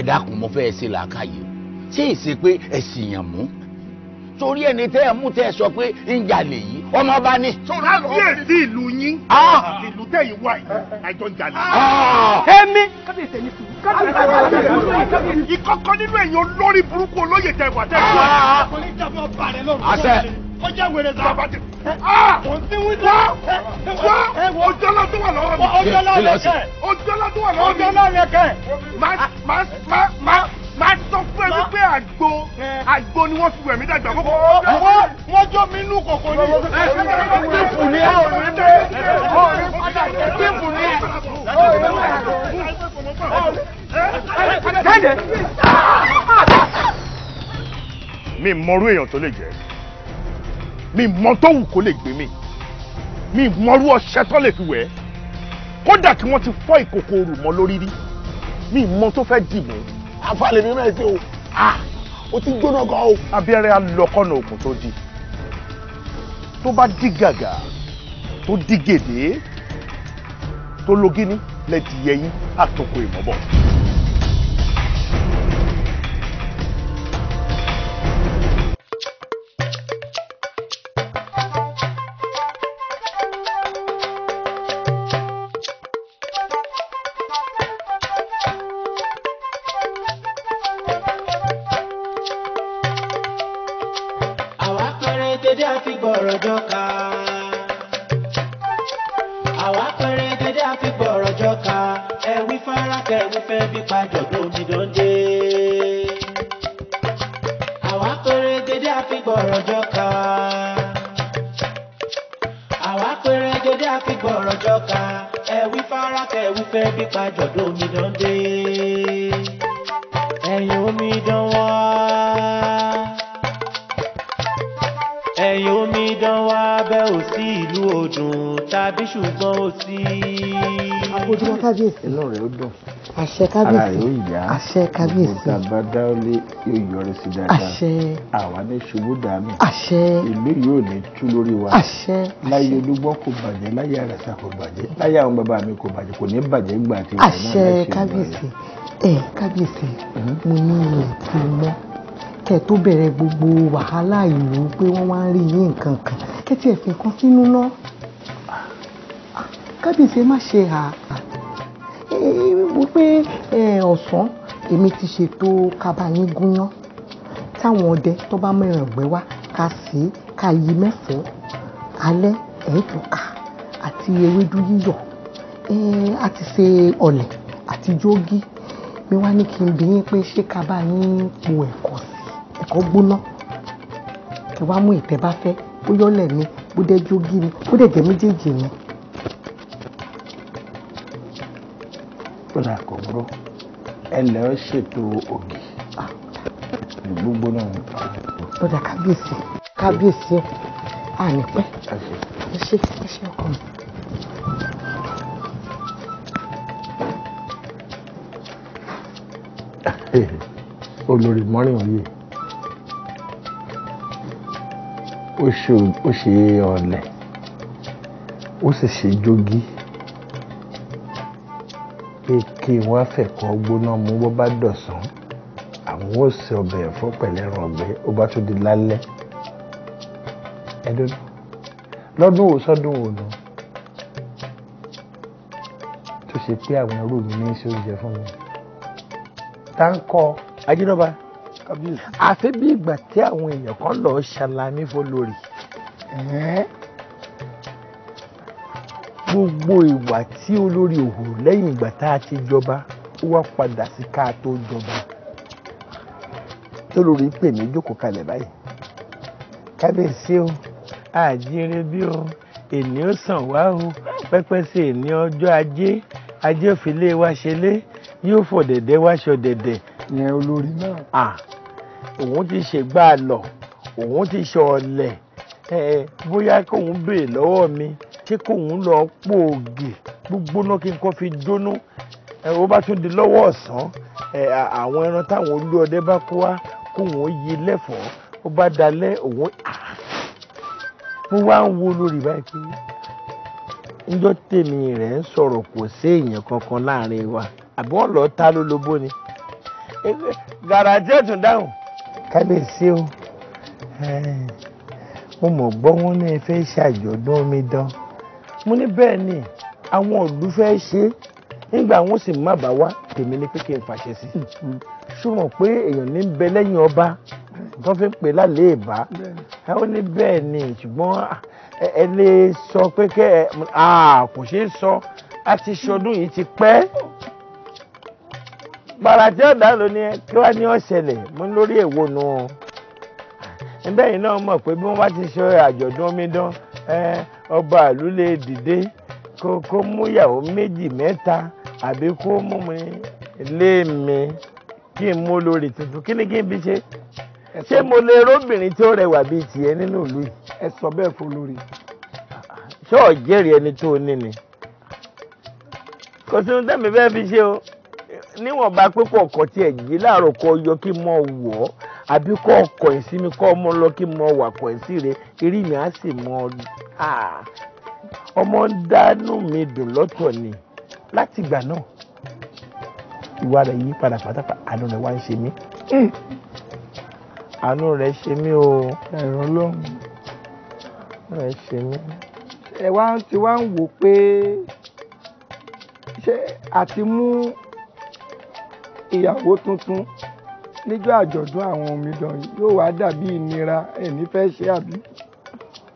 ẹ dákun mo fẹ́ ẹ ṣe làákàyè ṣé èsì pé ẹ sì yàn mú torí ẹni tẹ́ ẹ mú tẹ́ ẹ sọ pé ń jalè yìí ọmọ bá ní. sọlá bí èsì ìlú yín ah! ìlú tẹ̀yìn wá yìí àjọ ń jalè. Ah! èmi. ìkọ̀kọ̀ nínú ẹ̀yìn olórí burúkú olóyè tẹ̀ wá tẹ̀ wá. Ah! àṣẹ ó jẹ́ wèrè sá. bàbá tẹ kò sí wíńdò. wá wá ojọ́lá tó wà lọ́wọ́ mi. ojọ́lá lẹ́kẹ̀. ojọ́lá tó wà lọ́wọ́ mi. ojọ́lá lẹ́kẹ̀. má má má má máa sọ fún ẹ wípé àgbo àgbo ni wọ́n fi wẹ̀ mí dàgbà kókó. wọ́n wọ́n jọ mí inú kòkó ni. tíìpù ni ẹ ọ̀rẹ́ dé ọ̀rẹ́ tíìpù ni ẹ mi mọrú èèyàn tó lè jẹ mi mọ tó wù kó lè gbé mi mi mọrú ọṣẹ tó lè fi wẹ̀ ẹ́ kódà kí wọ́n ti fọ́ ìkòkò rù mọ́ lórí rí mi mọ tó fẹ́ dì àfàlẹ́ mi náà ṣe o o ti gbóná gan o. abẹ́rẹ́ alọ́kọ́nà òkun tó di tó bá di gàgà tó di gèdè tó logíní lẹ́ẹ̀dì yẹyìn àtòkò ìmọ̀bọ̀. àṣẹ kábíyèsí àṣẹ kábíyèsí àṣẹ àwa ní ṣubú dànù àṣẹ ìlú yóò ní tú lórí wa àṣẹ láyé olúgbọ́ kò bàjẹ́ láyé àràsà kò bàjẹ́ láyé àwọn bàbá mi kò bàjẹ́ kò ní bàjẹ́ gbà tí wọn náà ṣe bàjẹ́. àṣẹ kábíyèsí ẹ kábíyèsí mhm. mo ní ìrètí mọ́ kẹ tó bẹ̀rẹ̀ gbogbo wàhálà ìlú pé wọ́n wá ń rí yín nǹkan kan kẹ́tì ẹ̀fìn kan sínú náà kábíyèsí má ṣe hà á wípé ọ̀sán èmi ti ṣètò kábàáyín gúnyán táwọn ọdẹ tó bá mẹ́ràn gbẹ́ wá ká sí ká yí mẹ́fọ́ alẹ́ ẹ̀ẹ́dùkà àti ewédú yíyọ̀ àti ṣe ọ̀lẹ̀ àti jógí mi wá ní kí n bí yín pé ṣé kábàáyín po ẹ̀kọ́ sí ẹ̀kọ́ gbóná ẹ wá mú ìtẹ́ bá fẹ́ bóyọ́lẹ̀ ni bó dẹ́ jógí ni bó dẹ́ jẹ́ méjèèjì ni. náà kò burú ẹ lẹ́ ọ́ ṣètò ògì gbogbo náà. bọ́dà kábíyèsí kábíyèsí ọ̀ ànípẹ́ ẹ ṣe ẹ ṣe ọkọ mi. olórí mọ́rin òye ó ṣe ọ̀lẹ ó sì ṣe jogi kéèké wá fẹ̀kọ́ gbóná mú bó bá dọ̀sán àwọn ò sè ọbẹ̀ ẹ̀fọ́ pẹ̀lẹ́ràn ọbẹ̀ ó bá tún di lálẹ́ ẹ̀dọ́dọ́ lọ́dún wo sọ́dún wo nù tó ṣe pé àwọn ẹrú mi ní í ṣe oúnjẹ fún mi tá ń kọ ajínọba àfi bí ìgbà tí àwọn èèyàn kan lọ ṣàlàyé fọlórí gbogbo ìwà tí olórí òhù lẹ́yìn ìgbà tá a ti jọba ó wá padà sí ká tó jọba tó lórí pè mí jókòó kalẹ̀ báyìí kábíyèsí o àjíire bí o èní ó sàn wá o pẹ́pẹ́ sí èní ọjọ́ ajé ajé òfìlé wa ṣe lé yóò fò dẹ̀dẹ̀ wá ṣọ dẹ̀dẹ̀ yẹn olórí náà òun ti ṣe gbá a lọ òun ti ṣe bóyá kóun béè lọ́wọ́ mi ṣé kóun lọ pòògì gbógbóná kí n kọ́ fi jóná ó bá tún di lọ́wọ́ ọ̀sán àwọn ẹran táwọn olú bá kó wá kóun yí lẹ́fọ̀ọ́ ó bá dalẹ̀ òun mo wá ń wo lórí báyìí pé njọ́ tèmi rẹ̀ ń sọ̀rọ̀ kò kankan láàrin àbí wọ́n ta ló ni dáhùn kábíyèsí o mo mọ̀ gbọ́ wọn ní ẹ fẹ́ ṣàjọ̀dún dán. mo ní bẹ́ẹ̀ ni àwọn òlú fẹ́ ṣe é nígbà wọn sì má bàá wá tèmi ní pé kí n fàṣẹ sí i ṣùgbọ́n pé èèyàn ní bẹ lẹ́yìn ọba tó fi ń pè lálẹ́ ìbá ó ní bẹ́ẹ̀ ni ṣùgbọ́n ẹ lè sọ pé kẹ́ ẹ kò ṣeé sọ a ti ṣọdún yìí ti pẹ́ bàràtí ọ̀dà ló ní kí wá ní ọ̀ṣẹ̀lẹ̀ mo lórí èwo nu ẹ̀ńdẹ́yìn náà mọ̀ pé bí wọ́n bá ti ṣe àjọ̀dún omidan ẹ̀ẹ́. ọba ìlú lè dìde kó kó múyàwó méjì mẹ́ta àbí kó mú mi lé mi kí n mú lórí tuntun kí ni kí n fi ṣe ṣé mo lè róbìnrin tí ó rẹwà bíi tiẹ̀ nínú ìlú yìí. ẹ sọ bẹ́ẹ̀ fún lórí. ṣé ọ̀jẹ̀rì ẹni tó ní ni kò sí sínú tẹ́mi fẹ́ fi ṣe o níwọ̀nba pípọ̀ ọkọ̀ tiẹ̀ jí láàárọ̀ kọ yọ kí n mọ̀ wọ̀ ọ́ àbí kọ́ ọkọ̀ ẹ̀ sí mi kọ́ ọmọ lọ kí mo wà kọ̀ ẹ̀ sí rẹ eré mi á sì mọ ọmọ ń dánú mi dùn lọ́tọ̀ ni láti ìgbà náà ìwà rẹ̀ yí padà pátápátá àánú rẹ̀ wá ń ṣe mí hmm. àánú rẹ̀ ṣe mí o ẹ̀rọ lóhùn rẹ̀ ṣe mí. ẹ wá ti wá ń wò pé ṣé àti mú ìyàwó tuntun níjọ́ àjọ̀dún àwọn omidan yóò wá dàbí ìnira ẹ̀ní fẹ́ ṣe àbí.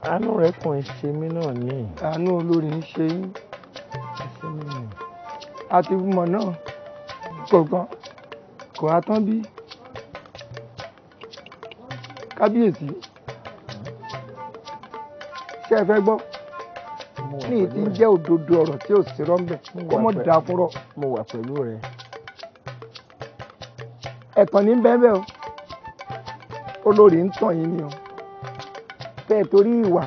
àánú rẹ kàn ń ṣe mí náà ní. àánú olórí ń ṣe yín. àti mọ̀ náà kò gan kò á tán bí. kábíyèsí ṣé ẹ fẹ́ gbọ́ ní ìdí jẹ́ òdodo ọ̀rọ̀ tí ò sí rọ́ńbẹ́ kọ́mọ̀dà fúnrọ́. mo wà pẹ̀lú rẹ ẹ̀tàn ní bẹ́ẹ̀ o olórí ń tàn yín ni o tẹ́ ẹ torí ìwà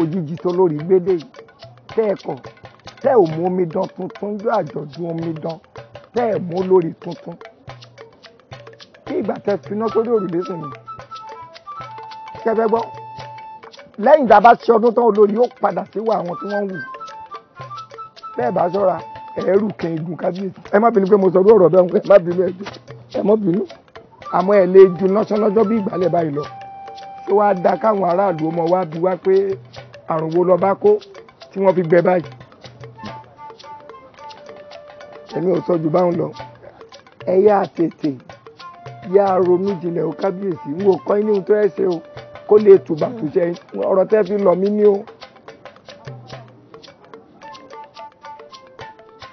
òjijì tó lórí gbédè yìí tẹ́ ẹ kọ̀ tẹ́ ò mú omidan tuntun jọ àjọ̀dún omidan tẹ́ ẹ mú lórí tuntun kí ìgbà tẹ́ finá sórí òrùlé sùn ni kẹfẹ gbọ́ lẹ́yìn tá a bá ṣe ọdún tán olórí yóò padà síwá àwọn tí wọ́n ń wù bẹ́ẹ̀ bá ṣọ́ra ẹ̀ẹ́rù kẹ̀ẹ́gùn kábíyèsí ẹ má bínú pé mo sọ ọdún ọ̀rọ̀ bẹ́ẹ̀ ẹ má bínú ẹ̀jẹ̀ ẹ mọ́ bínú àmọ́ ẹ lè ju lọ́sán lọ́jọ́ bí ìgbàlẹ̀ báyìí lọ tó wáá da káwọn aráàlú ọmọ wa bí wá pé àrùn wo lọ́ba kó tí wọ́n fi gbẹ báyìí èmi ò sọ jù báwọn lọ ẹ yá tètè yá ronú jinlẹ̀ o kábíyèsí n ò kọ́ inú tó ẹ ṣe o kó lè tùbà tùṣẹ ọ̀rọ̀ tẹ́ fi lọ mí ní o.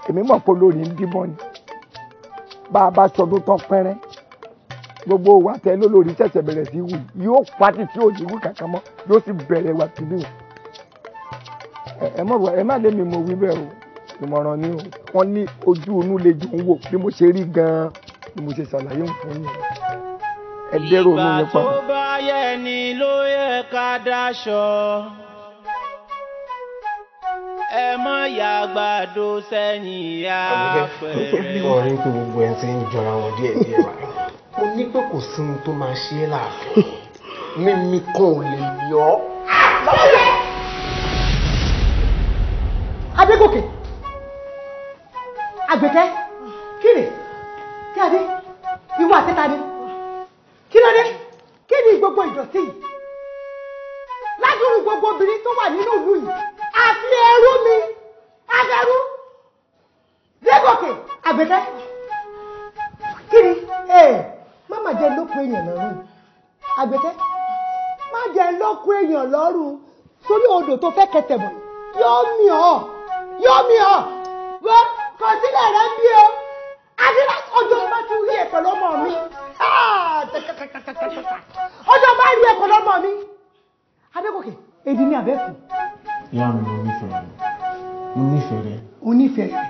èmi mọ̀ pé olórí ń bímọ ni bá a bá sọdún tán pẹ́rẹ́ gbogbo wa tẹ lólórí ṣẹ̀ṣẹ̀ bẹ̀rẹ̀ sí wù yóò pati tí ò ní wù kankan mọ́ yóò sì bẹ̀rẹ̀ wà tìlú ẹ mọ̀ ẹ má lé mi mo wí o ìmọ̀ràn ni o wọ́n ní ojú inú lè jù ń wò bí mo ṣe rí gan bí mo ṣe ṣàlàyé fún yín ẹ dẹ́rò inú yẹn ìgbà tó bá yẹ ni ló yẹ ká dáṣọ ẹ mọ yàgbàdo sẹ́yìn àpẹẹrẹ. mo rí pé gbogbo ẹ ti ń jọra wọn díẹ̀ díẹ̀ wá mo ní pé kò sí ohun tó máa ṣe é láàfin mímí kan ò lè yọ ọ. adégòkè àgbẹ̀kẹ́ kí ni kí adé ìwọ àtẹ́ta ni kí ló dé kí ni gbogbo ìdọ̀tí yìí ládùúrú gbogbo obìnrin tó wà nínú ìlú yìí àti ẹrú mi adẹrú dégòkè àgbẹ̀tẹ́ kiri ee má má jẹ lóko èèyàn lọ́rùn àgbẹ̀tẹ́ má jẹ lóko èèyàn lọ́rùn sórí odò tó fẹ́ kẹtẹ̀ bọ̀ yóò mi ọ́ yóò mi ọ́ wọ́n kàn sílẹ̀ rẹ̀ bí o adílá ọjọ́ bá ti rí ẹ̀pẹ̀ lọ́mọ mi ah, ọjọ́ bá rí ẹ̀pẹ̀ lọ́mọ mi adégòkè èdè ni àbẹ́kù ìyá mi mo nífẹ̀ẹ́ rẹ mo nífẹ̀ẹ́ rẹ. o nífẹ̀ẹ́ rẹ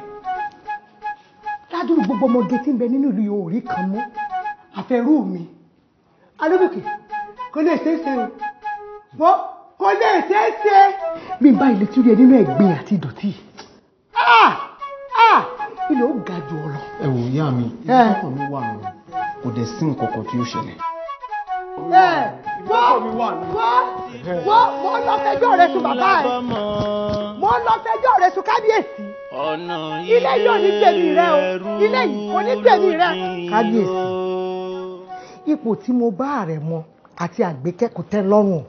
ládùúgbò gbogbo ọmọge tí ń bẹ nínú ìlú yìí ò rí kan mọ́ àfẹ́rù mi alóbìkì kò lè ṣeé ṣe o bọ́ kò lè ṣeé ṣe. mi bá ilé tí ó rí ẹ nínú ẹ̀gbin àti ìdọ̀tí ah! Ah! ilé ó ga jù ọ lọ. ẹ wò ìyá mi eh. ìdókòwò wà rẹ kò dẹ̀ sí nǹkan kan tí ó ṣẹlẹ̀ ẹ wọ́ wọ́ wọ́ wọ́ lọ fẹjọ́ rẹ sùn bàbá ẹ mọ́ lọ fẹjọ́ rẹ sùn kábíyèsí ilé yìí ò ní tèmi rẹ o ilé yìí ò ní tèmi rẹ. kábíyèsí ipò tí mo bá ààrẹ mọ àti àgbékẹ́kọ̀ọ́ tẹ́ lọ́rùn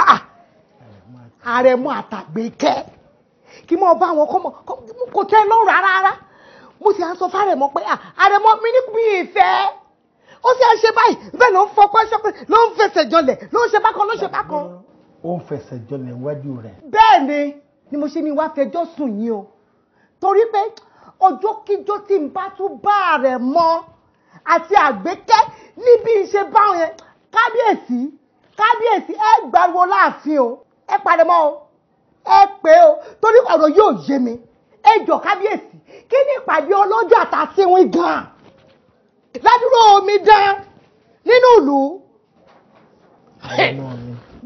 ààrẹ ah, ah. mọ àtàgbékẹ́ kí mo bá wọn kọ́ kò tẹ́ lọ́rùn rárá mo sì á sọ fárẹ̀ mọ́ pé ààrẹ ah, mọ mi ní mi ì fẹ́ ó sì ń ṣe báyìí bẹ́ẹ̀ ló ń fọpọ́ ṣọpẹ́ ló ń fẹsẹ̀ jọlẹ̀ ló ń ṣe bákan ló ń ṣe bákan. ó ń fẹsẹ̀ jọlẹ̀ wájú rẹ̀. bẹ́ẹ̀ ni ni mo ṣe ní wá fẹjọ́ sùn yín o torí pé ọjọ́ kíjọ́ tí n bá tún bá rẹ̀ mọ́ àti àgbékẹ́ níbi ìṣe báwọn yẹn kábíyèsí kábíyèsí ẹ gbàgbọ́ láàfin o ẹ padà mọ́ o ẹ pé o torí ọ̀rọ̀ yóò yé mi ẹ jọ kábíyèsí kí ni ìpàdé ọlọ́jọ́ àtàsíwìn gan-an ládùúrò omi dán nínú ìlú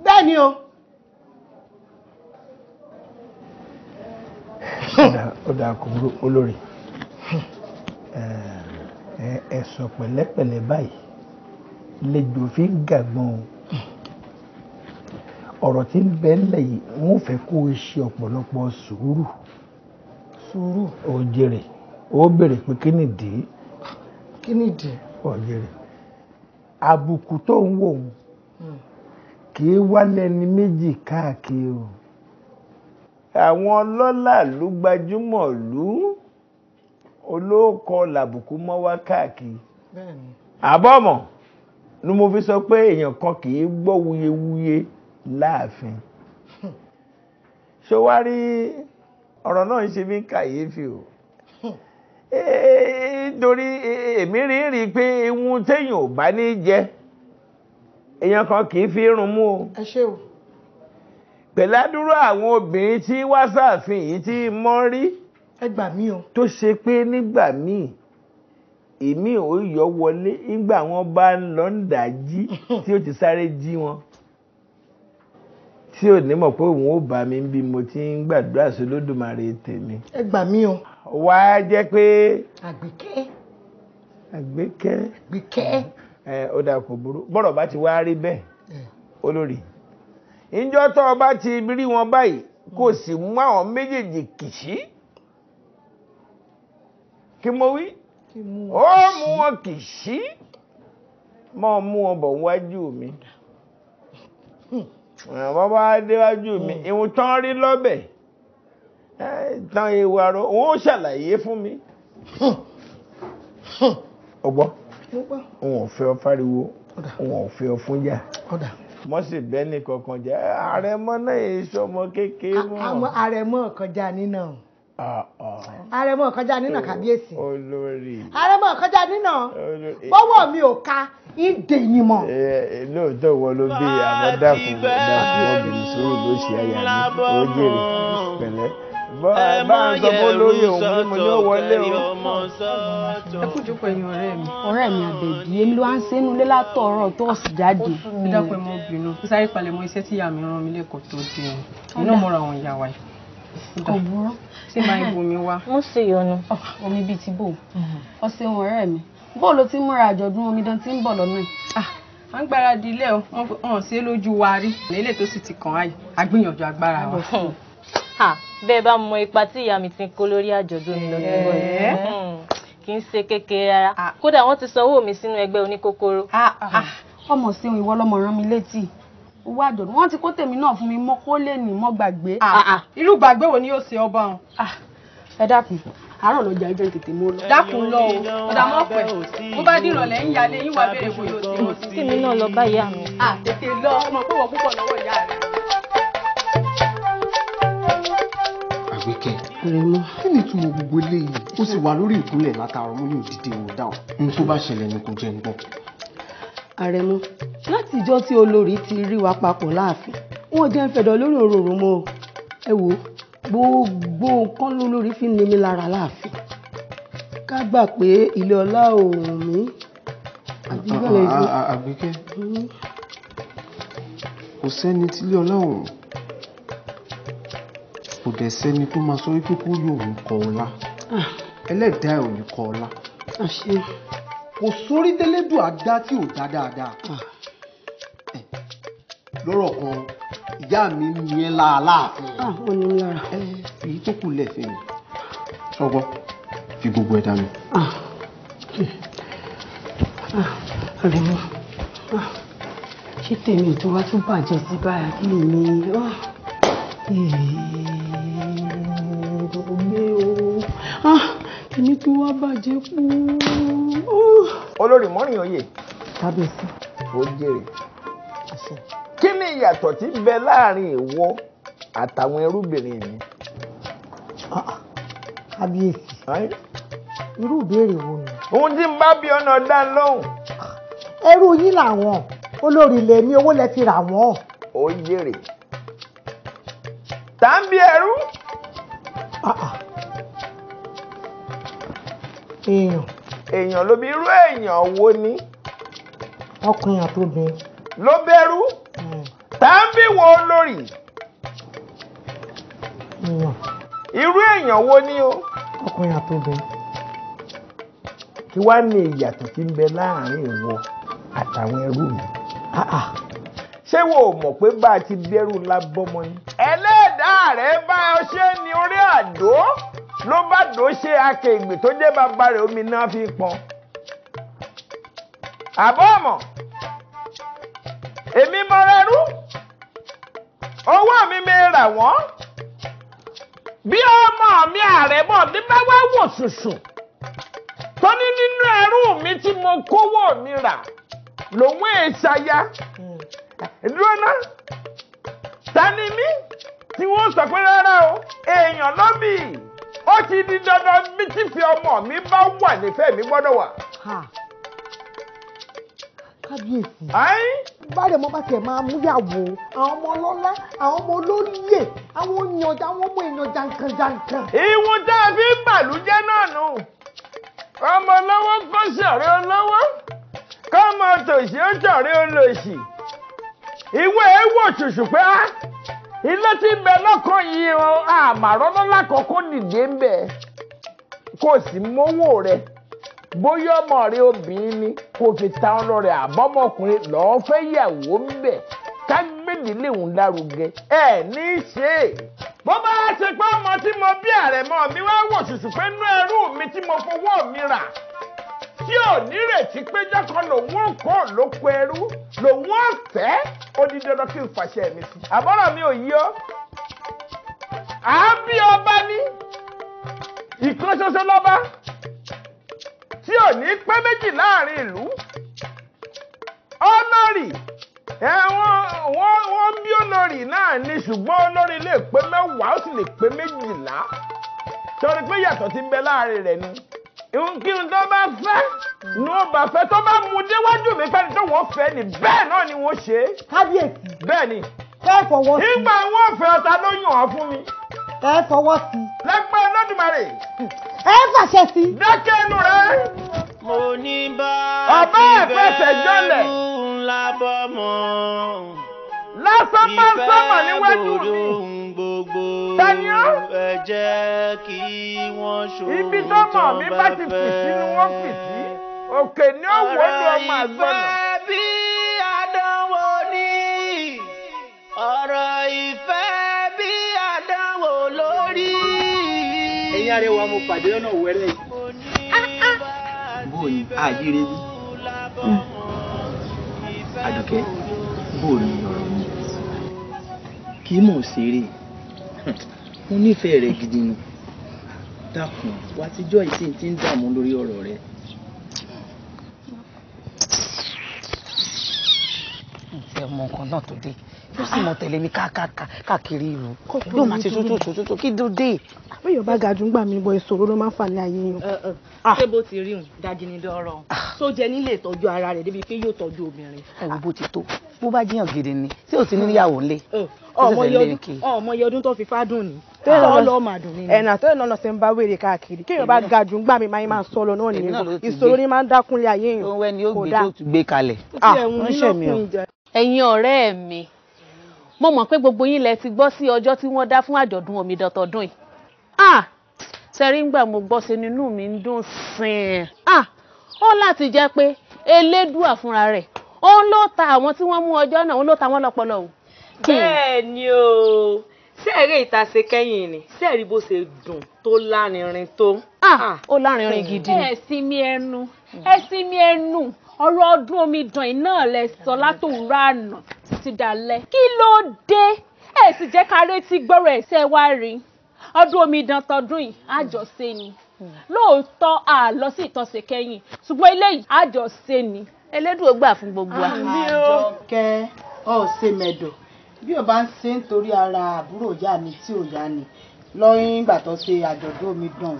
bẹ́ẹ̀ ni o. ó dáa kò burú olórí ẹ sọ pẹ̀lẹ́pẹ̀lẹ́ báyìí lẹ́jọ́ fi ń gàgbọ́n o ọ̀rọ̀ tí ń bẹ ńlẹ̀ yìí wọ́n fẹ́ kó o ṣe ọ̀pọ̀lọpọ̀ sùúrù sùúrù ó jèrè ó béèrè pé kí nìdí kí nìdí. ọ̀yẹ̀rẹ̀ àbùkù tó ń wò ó hmm. kì í wálẹ̀ ní méjì káàkiri o àwọn ọlọ́lá ló gbajúmọ̀ lù ú olóòkọ làbùkù mọ́ wá káàkiri àbọ̀mọ̀ ni mo fi sọ pé èèyàn kan kì í gbọ́ wuyewuye láàfin hmm. ṣé wàá rí ọ̀rọ̀ náà ń ṣe mí kàyéfì o torí èmi rí rí i pé ewu téèyàn ò bá ní jẹ èèyàn kan kì í fi irun mú o. ẹ ṣé o. pẹ̀ládúró àwọn obìnrin tí wásáàfin yìí ti mọ́ rí. ẹ gbà mí o. tó ṣe pé nígbà míì èmi ò yọ wọlé nígbà wọn bá ń lọ ń dàjí tí ó ti sáré jí wọn tí ò ní mọ̀ pé òun ò bá mi bí mo ti ń gbàdúrà sí Olódùmarè tèmi. ẹ gbà mí o wá jẹ́ pé. àgbékẹ́. àgbékẹ́. àgbékẹ́. ẹ ó dà kò burú bọ́rọ̀ bá ti wá rí bẹ́ẹ̀ olórí ìjọ tó o bá ti rí wọn báyìí kò sì mú àwọn méjèèjì kìsì kí mo wí ó mú wọn kìsì mọ́ mú wọn bọ̀ wájú mi bàbá déwájú mi ìwọ̀n rí lọ́bẹ̀ẹ́ tán ewu arọ wọn ó ṣàlàyé fún mi. ọgbọ́ òun ò fẹ́ ọ fáriwo òun ò fẹ́ ọ fúnjà mọ́ sì bẹ́ni kankan jẹ́ àrẹ̀mọ náà yìí sọmọ kékeré mọ́. àwọn àrẹ̀mọ kọjá nínà àrẹ̀mọ kọjá nínà kàbíyèsí àrẹ̀mọ kọjá nínà bọ́wọ́ mi ò ka ìdè yín mọ́. lóòótọ́ wọ ló bí àwọn dákun dákun ọ̀gbìn sórí ló ṣe àyà mi ó jèrè pẹ̀lẹ́ bá ń sọ fún lórí òun mo ní ó wọlé o. ẹ kú jókòó ẹ̀yin ọ̀rẹ́ mi. ọ̀rẹ́ mi àbẹ̀bí èmi ló wá ń sẹ́nu lé látọ̀ọ̀rọ̀ tó sì jáde. ẹ dákun ẹ mọ obìnrin ó sáré palẹ̀mọ́ iṣẹ́ tí ìyá mi rán mi lẹ́kọ̀ọ́ tó di o iná mo ra àwọn ìyá wa yìí. kò burú. ṣé máa ibo mi wá. wọ́n ṣe ìyọnu. Ah, omi bíi ti bò mhm. ó ṣeun ọ̀rẹ́ mi bó ti múra àjọ̀dún omidan tí ń bọ̀ lọ́nà yìí ah. ń gbáradì ilé ọ wọ́n ṣe lójú wa rí ilé tó sì ti kàn áyì agbìyànjú agbára wa bẹ́ẹ̀ bá mọ ipa tí ìyá mi ti ń kó lórí àjọ̀dún mi lọ́dún bọ̀ yìí kì í ṣe kékeré rárá ah. kódà wọ́n ti sanwó mi sínú ẹgbẹ́ oníkókóró. Ah, ah, ọmọ sí ìwọ lọmọ rán mi létí owó àjọ̀dún wọ́n ti kó tèmi náà fún mi mọ́ kó lè ní mọ́ gbàgbé. irú gbàgbé wo ni yóò ṣe ọba ọ̀hún. ẹ dákun àárọ̀ lọ́jà ẹjọ́ tètè mú lọ. dákun lọ o ọ̀dà mọ́ pẹ̀ bó bá dìrọ̀ lẹ́yìn ìyá lẹ́yìn wà bẹ̀rẹ̀ bóyá o ti mọ̀ sí. kí mi náà lọ bá mi. tètè lọ ọmọ pé wọ́n púpọ̀ lọ́wọ́ ìyá rẹ̀. àgbékẹ́. rẹmọ kí ni ìtumọ̀ gbogbo eléyìí ó sì wà lórí ìkúnlẹ̀ látàárọ̀ mo yóò dìde wò dáhùn n tó bá ṣẹlẹ̀ ni kò jẹ́ ń gbọ́. àrẹ̀mọ láti ìjọ́ tí olórí ti rí wa papọ̀ láàfin wọn jẹ́ ń fẹ̀dọ̀ lórí òróró mọ́ ọ ẹ wo gbogbo nǹkan lólórí fi ń ni mí lára láàfin ká gbà pé ilé ọlá òun mi àbí bẹ́ẹ̀ ni. àgbékẹ́ kò sẹ́ni tílé ọlá òun kò dẹ̀ sẹ́ni tó máa sọ wípé kó yóò ń kọ ọlá ah. ẹlẹ́dàá ẹ̀ ò ní kọ ọlá ah, kò sórí tẹ́lẹ́dùn àdá tí ò dá dáadáa ah. eh, lọ́rọ̀ kan ìyá mi ní ẹ láàláàfin eh, èyí tó kù lẹ́fẹ̀ẹ́ yìí sọ́gbọ́ fi gbogbo ẹ̀ dànù. àrẹ̀mọ́ ṣé tèmi ò tó wá tún bàjẹ́ sí báyà kí ni èmi kí ah, wá bàjẹ́ pọ̀. Uh. olórí mọ́rin oyè. kábíyèsí. ó jèrè. kí ni ìyàtọ̀ tí ń bẹ láàrin ìwọ àtàwọn ẹrúbìnrin mi. Ah, kábíyèsí. irú ìbéèrè wo ni. ohun tí ń bá bí ọ̀nà dá lóhùn. Ah, ẹrú yín làwọn olórí lèmi owó lẹ fi rà wọ́n. ó jèrè. tá ń bí ẹrú. èèyàn. èèyàn ló wo ni. ọkùnrin àtòbìnrin. ló bi hmm. wo lori? èèyàn. iru wo ni o. ọkùnrin to bi ki ní ìyàtọ̀ tí ń bẹ laarin ìwọ atawon mi. Ah, ah. ṣé wò ó mọ̀ pé bá a ti bẹ̀rù la bọ́mọ ẹlẹ́dàá rẹ̀ bá ọ ṣe ni orí àdó ló bá dò ṣe akègbè tó jẹ́ bàbá rẹ̀ omi náà fi pọn. àbọ̀ ọ̀mọ̀ èmi mọ̀rẹ́ rú owó mi mi rà wọ́n bí ọmọ mi àrẹ̀mọ̀ mi bá wá wò sùsùn tó ní nínú ẹrú mi tí mo kówó mi rà lòun èèṣà ya. Mm dúró Tani ta ni mí tí wọ́n sọ pé rárá o èèyàn lọ́bì ó ti di dandan bí tífi ọmọ mi bá wà nífẹ̀ẹ́ mi gbọ́dọ̀ wà. kábíyèsí báyọ̀ mo bá tiẹ̀ máa múyàwó àwọn ọmọ ọlọ́lá àwọn ọmọ olóyè àwọn èèyàn àwọn ọmọ èèyàn jankan-jankan. ìwọ̀n tá a fi ń bàlújẹ́ náà nù ọmọ lọ́wọ́ kó sọ̀rọ̀ lọ́wọ́ kọ́mọ tòṣì ó sọ̀rọ̀ olóṣì. ìwé ewu òṣùṣù pé á ah, ilé tí ń bẹ yi yìí o àmàrọ́ lọ́la kọ́kọ́ nìgbé ń bẹ̀ kò sí mówó rẹ̀ bóyá ọmọ obìnrin fi ta ọ lọ rẹ àbọ́mọkùnrin lọ́ọ́ fẹ́ yàwó ń bẹ̀ ká gbèdéle òun lárugẹ ẹ ní í ṣe bó bá ṣe pé ọmọ tí mo bí àrẹ̀mọ mi wá wò ṣùṣù pé inú ẹrú mi tí mo fowó mi rà tí ò nírètí pé jọ́kọ̀ lòun ò kọ́ lóko ẹrú lòun ò tẹ́ ó di kí n fàṣẹ mi sí. àbọ̀rọ̀ mi ò yí ọ́ àábí ọba ní ìkan ṣoṣo lọ́ba tí ò ní pẹ́ méjì láàrin ìlú ọlọ́rì ẹ wọ́n wọ́n bí olórí náà ni ṣùgbọ́n olórí lè pé mẹ́wàá ó sì lè pé méjìlá torí pé yàtọ̀ ti ń bẹ láàrin rẹ̀ ni nkírun tó bá fẹ́ ni wọ́n bá fẹ́ tó bá mú déwájú mi fẹ́ni tó wọ́n fẹ́ ni bẹ́ẹ̀ náà ni wọ́n ṣe. kábíyèsí. bẹ́ẹ̀ ni. ẹ fọwọ́ sí. nígbà wọn fẹ́ ọ̀tá ló yàn án fún mi. ẹ fọwọ́ sí. lẹ́gbẹ́ Olódùmarè. ẹ fàṣẹ sí. dákẹ́ ẹnu rẹ. mo ní bá a ti bẹ́ẹ̀ mú ńlá bọ́ mọ́. lásán máa ń sábà níwájú mi ẹ jẹ́ kí wọ́n ṣòro tán bá fẹ́. ibi tọ́mọ mi bá ti fì sí ni wọ́n fì sí òkè ní òwò ni ọmọ àgbọ̀nà. ọ̀rọ̀ ìfẹ́ bí àdánwò ni ọ̀rọ̀ ìfẹ́ bí àdánwò lórí. ẹ̀yin arẹwà mo pàdé lọ́nà wẹ́rẹ́ yìí. bóyá àjíire bí àdùkẹ́ bóyá ọ̀rọ̀ mi kì í mọ̀ ṣeré mo nífẹ̀ẹ́ rẹ gidi ni dákun wá tíjọ́ ìsìn tí ń dààmú lórí ọ̀rọ̀ rẹ. ǹjẹ́ ọmọ nǹkan náà tó dé ó sì mọ tẹ̀lé mi káàkiri ìlú yóò máa ṣe tótó tótó kí ló dé. àbẹ̀yọ̀ bá ga jùgbà mi bọ ìṣòro ló máa ń fà ní ayé yẹn. Ah. ṣé bó ti rí un dájú ni dọ́rọ̀ tó jẹ nílé ìtọ́jú ara rẹ̀ débi pé yóò tọ́jú obìnrin. ẹ wo bó ti tó bó bá jiyàn gidi ni tí ò ti níyàwó ńlé ọmọ iye ọdún tó fi fádùn ni ọlọ́ọ̀mà dùn ni. ẹ̀nà tó yẹn lọ́nà ṣe ń bá wèrè káàkiri kí èèyàn bá ga jù ń gbà mí máa ń sọ lọ náà nìyẹn ìṣòro ni máa ń dákúnlé ayé yẹn kódà. òun ẹni ó ah, mi mo mọ̀ pé gbogbo yín lẹ ti gbọ́ sí ọjọ́ tí wọ́n dá fún àjọ̀dún omidan tọdún yìí ah sẹ́rí ń gbà mo gbọ́ sí nínú mi ń dùn sìn ah ó láti jẹ́ pé elédùà fúnra rẹ̀ òun ló ta àwọn tí wọ́n mú ọjọ́ náà òun ló ta wọ́n lọ́pọlọ o. bẹ́ẹ̀ ni o sẹ́ẹ̀rẹ́ ìta ṣe kẹ́yìn ni sẹ́ẹ̀rí bó ṣe dùn tó lárinrin tó. ah, ah! ó lárinrin gidi. ẹ sinmi ẹnu hmm. ẹ sinmi ẹnu ọ̀rọ̀ ọdún omidan iná lẹ sọ látòwúrọ̀ àná títí dalẹ́ kí ló dé ẹ sì jẹ́ ká retí gbọ́rọ̀ ẹ̀sẹ̀ wá rí ọdún omidan tọdún yìí àjọṣe ni lóòótọ́ a lọ sí ìtọ́sẹ̀ kẹ́yìn ṣùgbọ́n eléyìí àjọṣe ni. elédùn ó gbà fún gbogbo wa. àjọkẹ́ ọ̀sẹ̀ mẹ́dọ̀ bí o bá ń ṣe ń torí ara àbúrò ìyá mi tí ò yá ni lọ́yìn ìgbà tó ṣe àjọ̀dún omidan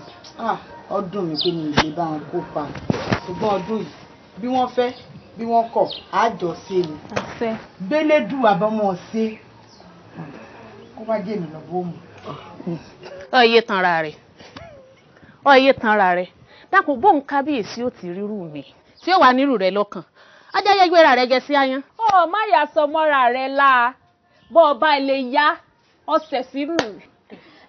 ah, ọdún mi pé mi ò bá wọn kópa ṣùgbọ́n ọdún yìí bí wọ́n fẹ́ bí wọ́n kọ̀ á jọ ṣe ni gbélédù àbámọ ṣe kó wá jẹ èmi lọ́bọ̀ mu. ọ iye tanra rẹ ọ iye tanra rẹ dákun bóun kábíyèsí ò ti rírù mi tí ó wà nírù rẹ lọ́kàn ajáyé gbéra rẹ jẹ sí ayan. ọ má yà sọ mọ́ra rẹ la bọ́ ọba ilé yá ọ̀sẹ̀ sínú.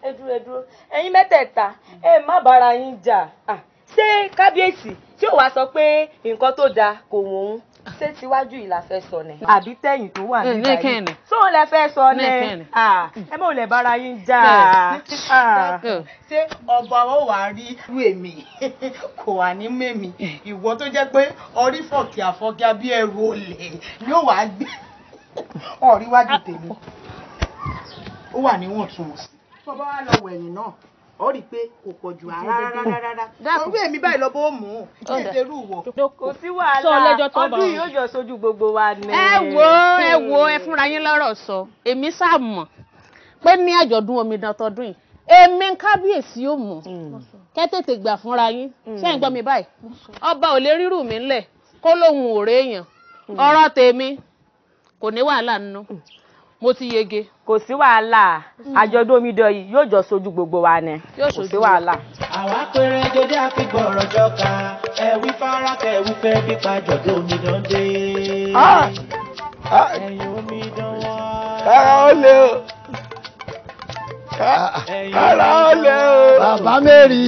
ẹ dúró ẹ dúró ẹ̀yin mẹ́tẹ̀ẹ̀ta ẹ má bára yín jà. Ah ṣé kábíyèsí tí ò wá sọ pé nǹkan tó dáa kò wọ́n òun ṣé tiwájú yìí la fẹ́ sọ ni. àbí tẹ̀yìn tó wà nígbà yìí sóun lẹ fẹ́ sọ ni ẹ mọ̀ lẹ bára yín jà ṣé ọba ó wàá rí irú èmi kò wà ní mẹ́mi ìwọ tó jẹ́ pé orí fọ̀kì àfọ̀kì àbí ẹrù olè ni ó wàá gbé ọ̀rí wájú tèmi ó wà níwọ̀ntúnwọ̀nsì tó bá wà lọ wẹ̀yìn náà ọ rí i pé kò pọ̀ jù rárá ọ̀rú èmi báyìí lọ́bọ̀ ó mú un ṣe irú wọ̀. kò sí wàhálà ọdún yìí ó jọ sójú gbogbo wa ni. ẹ wo ẹ wo ẹ fúnra yín lọ́rọ̀ sọ èmi sáà mọ̀ pé ní àjọ̀dún omidan tọdún yìí èmi ń kábíyèsí ò mọ̀ hmm. kẹ́ tètè gbà fúnra yín hmm. ṣé ń gbọ́ mi báyìí ọba ò lè rírù mí ńlẹ̀ kó lóun ò réèyàn hmm. ọ̀rọ̀ tèmi kò ní wàhálà nínú mo ti yege. kò sí wàhálà mm. àjọ̀dún omidan yìí yóò jọ sojú gbogbo wa ni kò sí wàhàlà. àwa péré gédé àfi gbọ̀rọ̀ jọka ẹ̀wí fara kẹ̀wí fẹ́ pípa àjọ̀dún omidan dé. Ah! Ah! ẹ̀yin omidan wá. kára ó lé o kára ó lé o. bàbá mẹ́rì.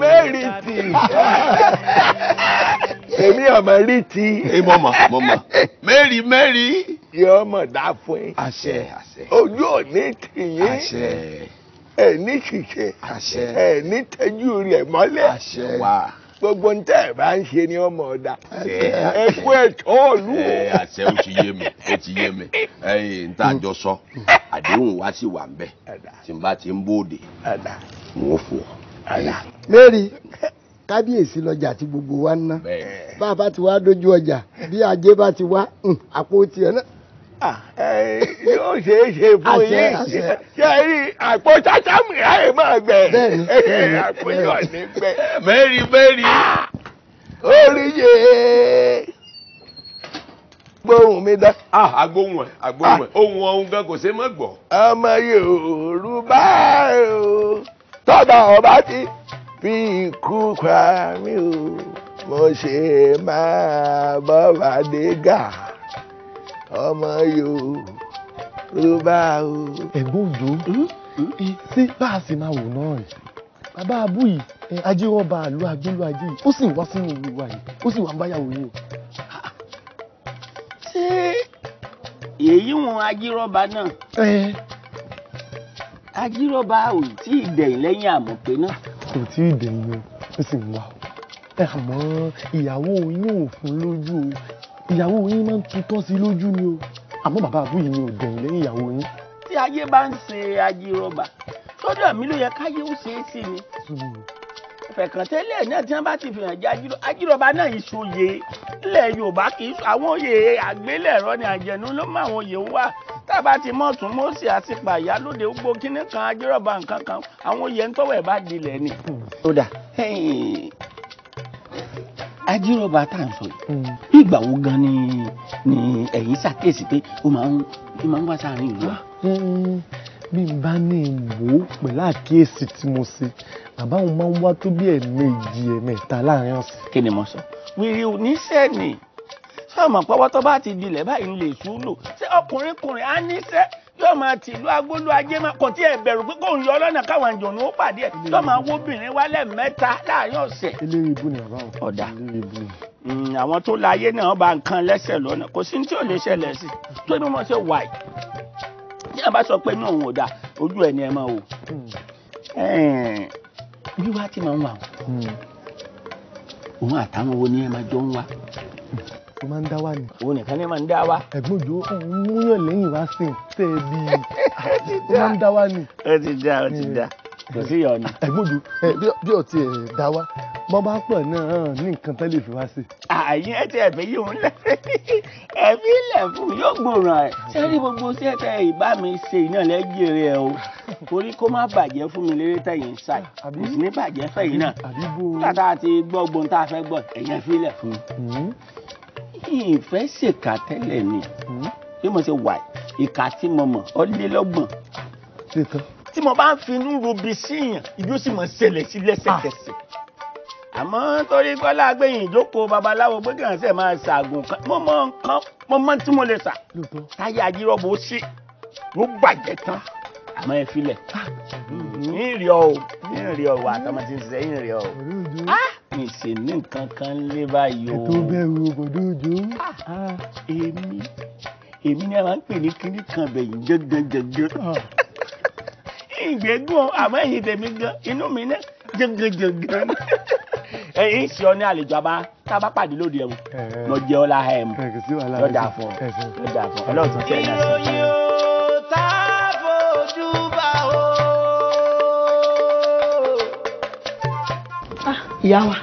mẹ́rì tì. èmi ọmọ rí ti. èmi ọmọ mọ mọ mẹ́rì mẹ́rì yóò mọ̀ dá fún yín. àṣẹ àṣẹ. ojú òní tì yín. àṣẹ. ẹ ní ṣìṣe. àṣẹ. ẹ ní tẹjú rẹ̀ mọ́lẹ̀. àṣẹ wa. gbogbo ń tẹ́ ẹ bá ń ṣe ni ọmọ ọ̀dà. ẹ kú ẹ̀tọ́ òlu. ẹ àṣẹ ó ti yé mi ó ti yé mi ẹyìn n tá a mm. jọ sọ àdéhùn wa sì wà ń bẹ tí n bá ti ń bóde n ó fò. mary kábíyèsí lọjà tí gbogbo wa ń ná bá a bá ti wá dójú ọjà bí ajé bá ti wá mm, àpò tiẹ̀ náà. Ah, eh, yóò ṣe é ṣe fún yín ṣe rí àpò sátámù ráyè máa gbẹ àpò yóò ní gbẹ. mẹ́rin mẹ́rin. Ah, orí yé gbóhùn mi dá. Ah, agbóhùn ẹ agbóhùn ẹ ohun ọ̀hún gan kò ṣe é má gbọ́. ọmọ Yorùbá o tọ́ba ọba ti fi ikú pa mí o mo ṣe máa bọ́ bàdé gà ọmọ Yorùbá o. ẹ̀gbọ́n òjò hmm? hmm? ṣé bá a sì máa wò náà rẹ̀ bàbá abú yìí ajíròba àlọ́ agbélú ajé yìí ó sì wá sínú ìlú wa yìí ó sì wá ń báyàwó yìí o. ṣé èyí wọn ajíròba náà ajíròba ò tí ì dẹ̀yìn lẹ́yìn àmọ̀pé náà. kò tí ì dẹ̀yìn o ó sì ń wá àmọ́ ìyàwó yín ò lójú o ìyàwó yín máa ń tutọ́ sí lójú ni o àmọ́ bàbá àbú yìí ni ò dẹ̀yìn lẹ́yìn ìyàwó yín. tí ayé bá ń ṣe ajé rọba sọ́dọ̀ mi ló yẹ káyé ó ṣe é sí ni. Hmm. fẹ̀kàntẹ́lẹ̀ náà tí wọ́n bá ti fi hàn jẹ́ ajírọ̀bá náà ìṣòye ilẹ̀ yorùbá kì í àwọn oyè àgbélẹ̀rọ ni àjẹnú ló mọ àwọn oyè wà tábà ti mọ̀ tún mọ́sì àti pàyà lóde gbogbo kínní kan ajírọ̀bá nǹkan kan àwọn oyè ń tọ́wọ̀ ẹ̀ bá dilẹ̀ ni. ó dà ajírọ̀bà tá à ń sọ yìí bí hmm. ìgbà wo gan ni ni ẹ̀yin ṣàkíyèsí pé ó máa ń ó máa ń wá sáàrin ìlú wa. Hmm. bí n bá ní ìwò pẹ̀lú àkíyèsí tí mo ṣe àbáwọn máa ń wá tó bí ẹ̀ẹ̀mejì ẹ̀ẹ̀mẹta láàrin ọ̀sẹ̀. kí ni mo sọ wíwí oníṣẹ́ ni sọ̀mọ̀ pọ́wọ́ tó bá ti dilẹ̀ báyìí ń lè sùúlù ṣé ọkùnrin kùnrin á níṣẹ́ yóò máa tìlú agbólú ajé máa kò tí ẹ bẹ̀rù pé kò ń yọ ọlọ́nà káwọn àjọ̀nù ó pàdé ẹ̀ yóò máa wo obìnrin wálẹ̀ mẹ́ta láàárín ọ̀sẹ̀. eléyìí ibú ni àbáwọn. ọ̀dà hmm, àwọn tó láyé náà bá nǹkan lẹ́sẹ̀ lọ́nà kò sí ní tí ò lè ṣẹlẹ̀ sí tó ní mo ṣe wà yìí tí a bá sọ pé náà òun ò dà ojú ẹ̀ ni ẹ máa wò. wíwá tí màá ń wà hmm. òun àtàwọn wo ni ẹ máa jọ ń wá tó máa ń dá wà ní. òun nìkan ni máa ń dá wà. ẹ̀gbọ́n òjò múyàn lẹ́yìn wá sí tẹ́ ẹ bí tó máa ń dá wà ní. ó ti dá ó ti dá kò sí ìyá ọ̀nà. ẹ̀gbọ́n òjò bí ọ̀tí ẹ̀ dá wà bọ́n bá pọ̀ náà ní nǹkan tán lè fi wá sí. àyè ẹ ti yìí ń lẹ́ ẹ̀fí ilẹ̀ yóò gbòòràn ẹ̀ sẹ́ni gbogbo sí ẹ̀fẹ́ ìbá mi ṣe iná lẹ́gẹ̀rẹ́ ẹ o torí kó má bàjẹ́ fún mi lérè tẹ̀yìn ṣáì kò sì ní bàjẹ́ fẹ̀yìn náà nígbà tá a ti gbọ́ gbọ́n tá a fẹ́ gbọ́ ẹ̀yẹn fi ìfẹ́ ṣèkà tẹ́lẹ̀ ni hmm? bí mo ṣe wà ìkà tí mo mọ̀ ọ́ lé lọ́gbọ̀n tí mo bá ń finú robi síyàn ibi ó sì mọ̀ ṣẹlẹ̀ sí lẹ́sẹ̀kẹsẹ̀ ah. àmọ́ torí kọ́lá gbẹ̀yìn ìjókòó babaláwo pé kàn ṣe máa ṣàgùn kan mo mọ nǹkan mo mọ tí mo lè ṣà táyà ajírọ́bù ó sì ló bàjẹ́ tán àmọ́ ẹ filẹ̀ ah. ní ìrìn ọ̀ ní ìrìn ọ̀ wà àtọmọ ti ń ṣe ìrìn ọ̀ kì í ṣe ní nǹkan kan lé báyìí o. ètò bẹ̀rù òbòdó òjò. Ah, ah, èmi èmi ni a máa ń pè ní kíní kan bẹ̀yìn jẹ́gẹ́jẹ́gẹ́. Ah. ìgbẹ́gùn àmọ́ ẹ̀yìn tèmi gan inú mi náà jẹ́gẹ́jẹ́gẹ́ ẹ̀yìn sì ọ ní àlejò àbá tá a bá pàdé lóde ẹ̀wọ̀n eh, eh. lọ jẹ́ ọ láhà eh, ẹ̀mú lọ́dà fún ọ lọ́dà fún ọ ọlọ́run tó tẹ̀ ìyá wa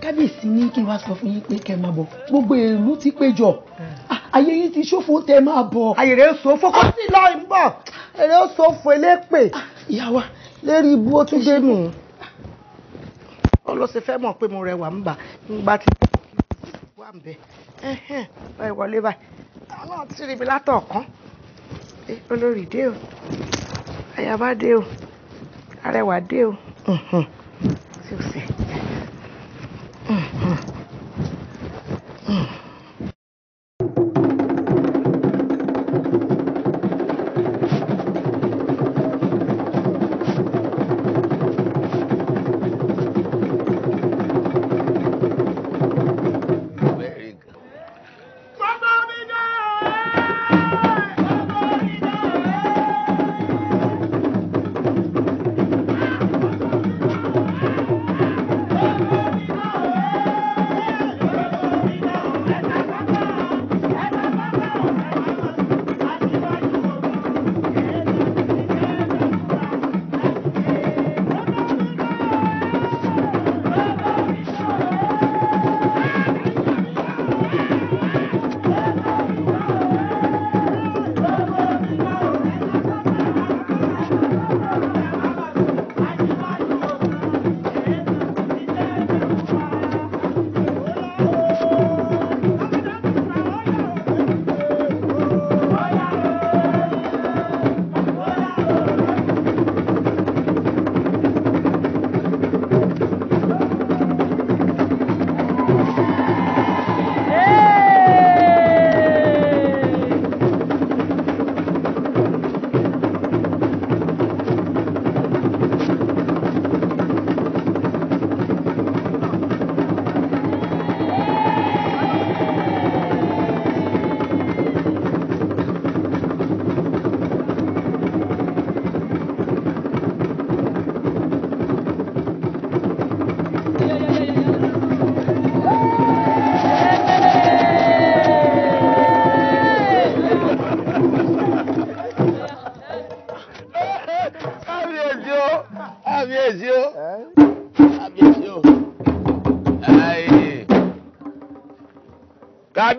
kábíyèsí ní kí n wá sọ fún yín pé kẹ́ máa bọ̀ gbogbo ìlú ti péjọ hmm. ah, ayé yín ti ṣòfò tẹ́ máa bọ̀. ayé rẹ̀ ṣòfò kó sì lọ ń bọ̀ èrè ṣòfò elépè. ìyá wa lérí ibú ó tún dé nù. ọlọ́sẹ̀ fẹ́ mọ̀ pé mo rẹwà ń bà nígbà tí wà ń bẹ̀ ẹ wọlé báyìí àwọn náà ti rí mi látọ̀ọ̀kan olórí dé o ayaba dé o arẹwà dé o. Huh.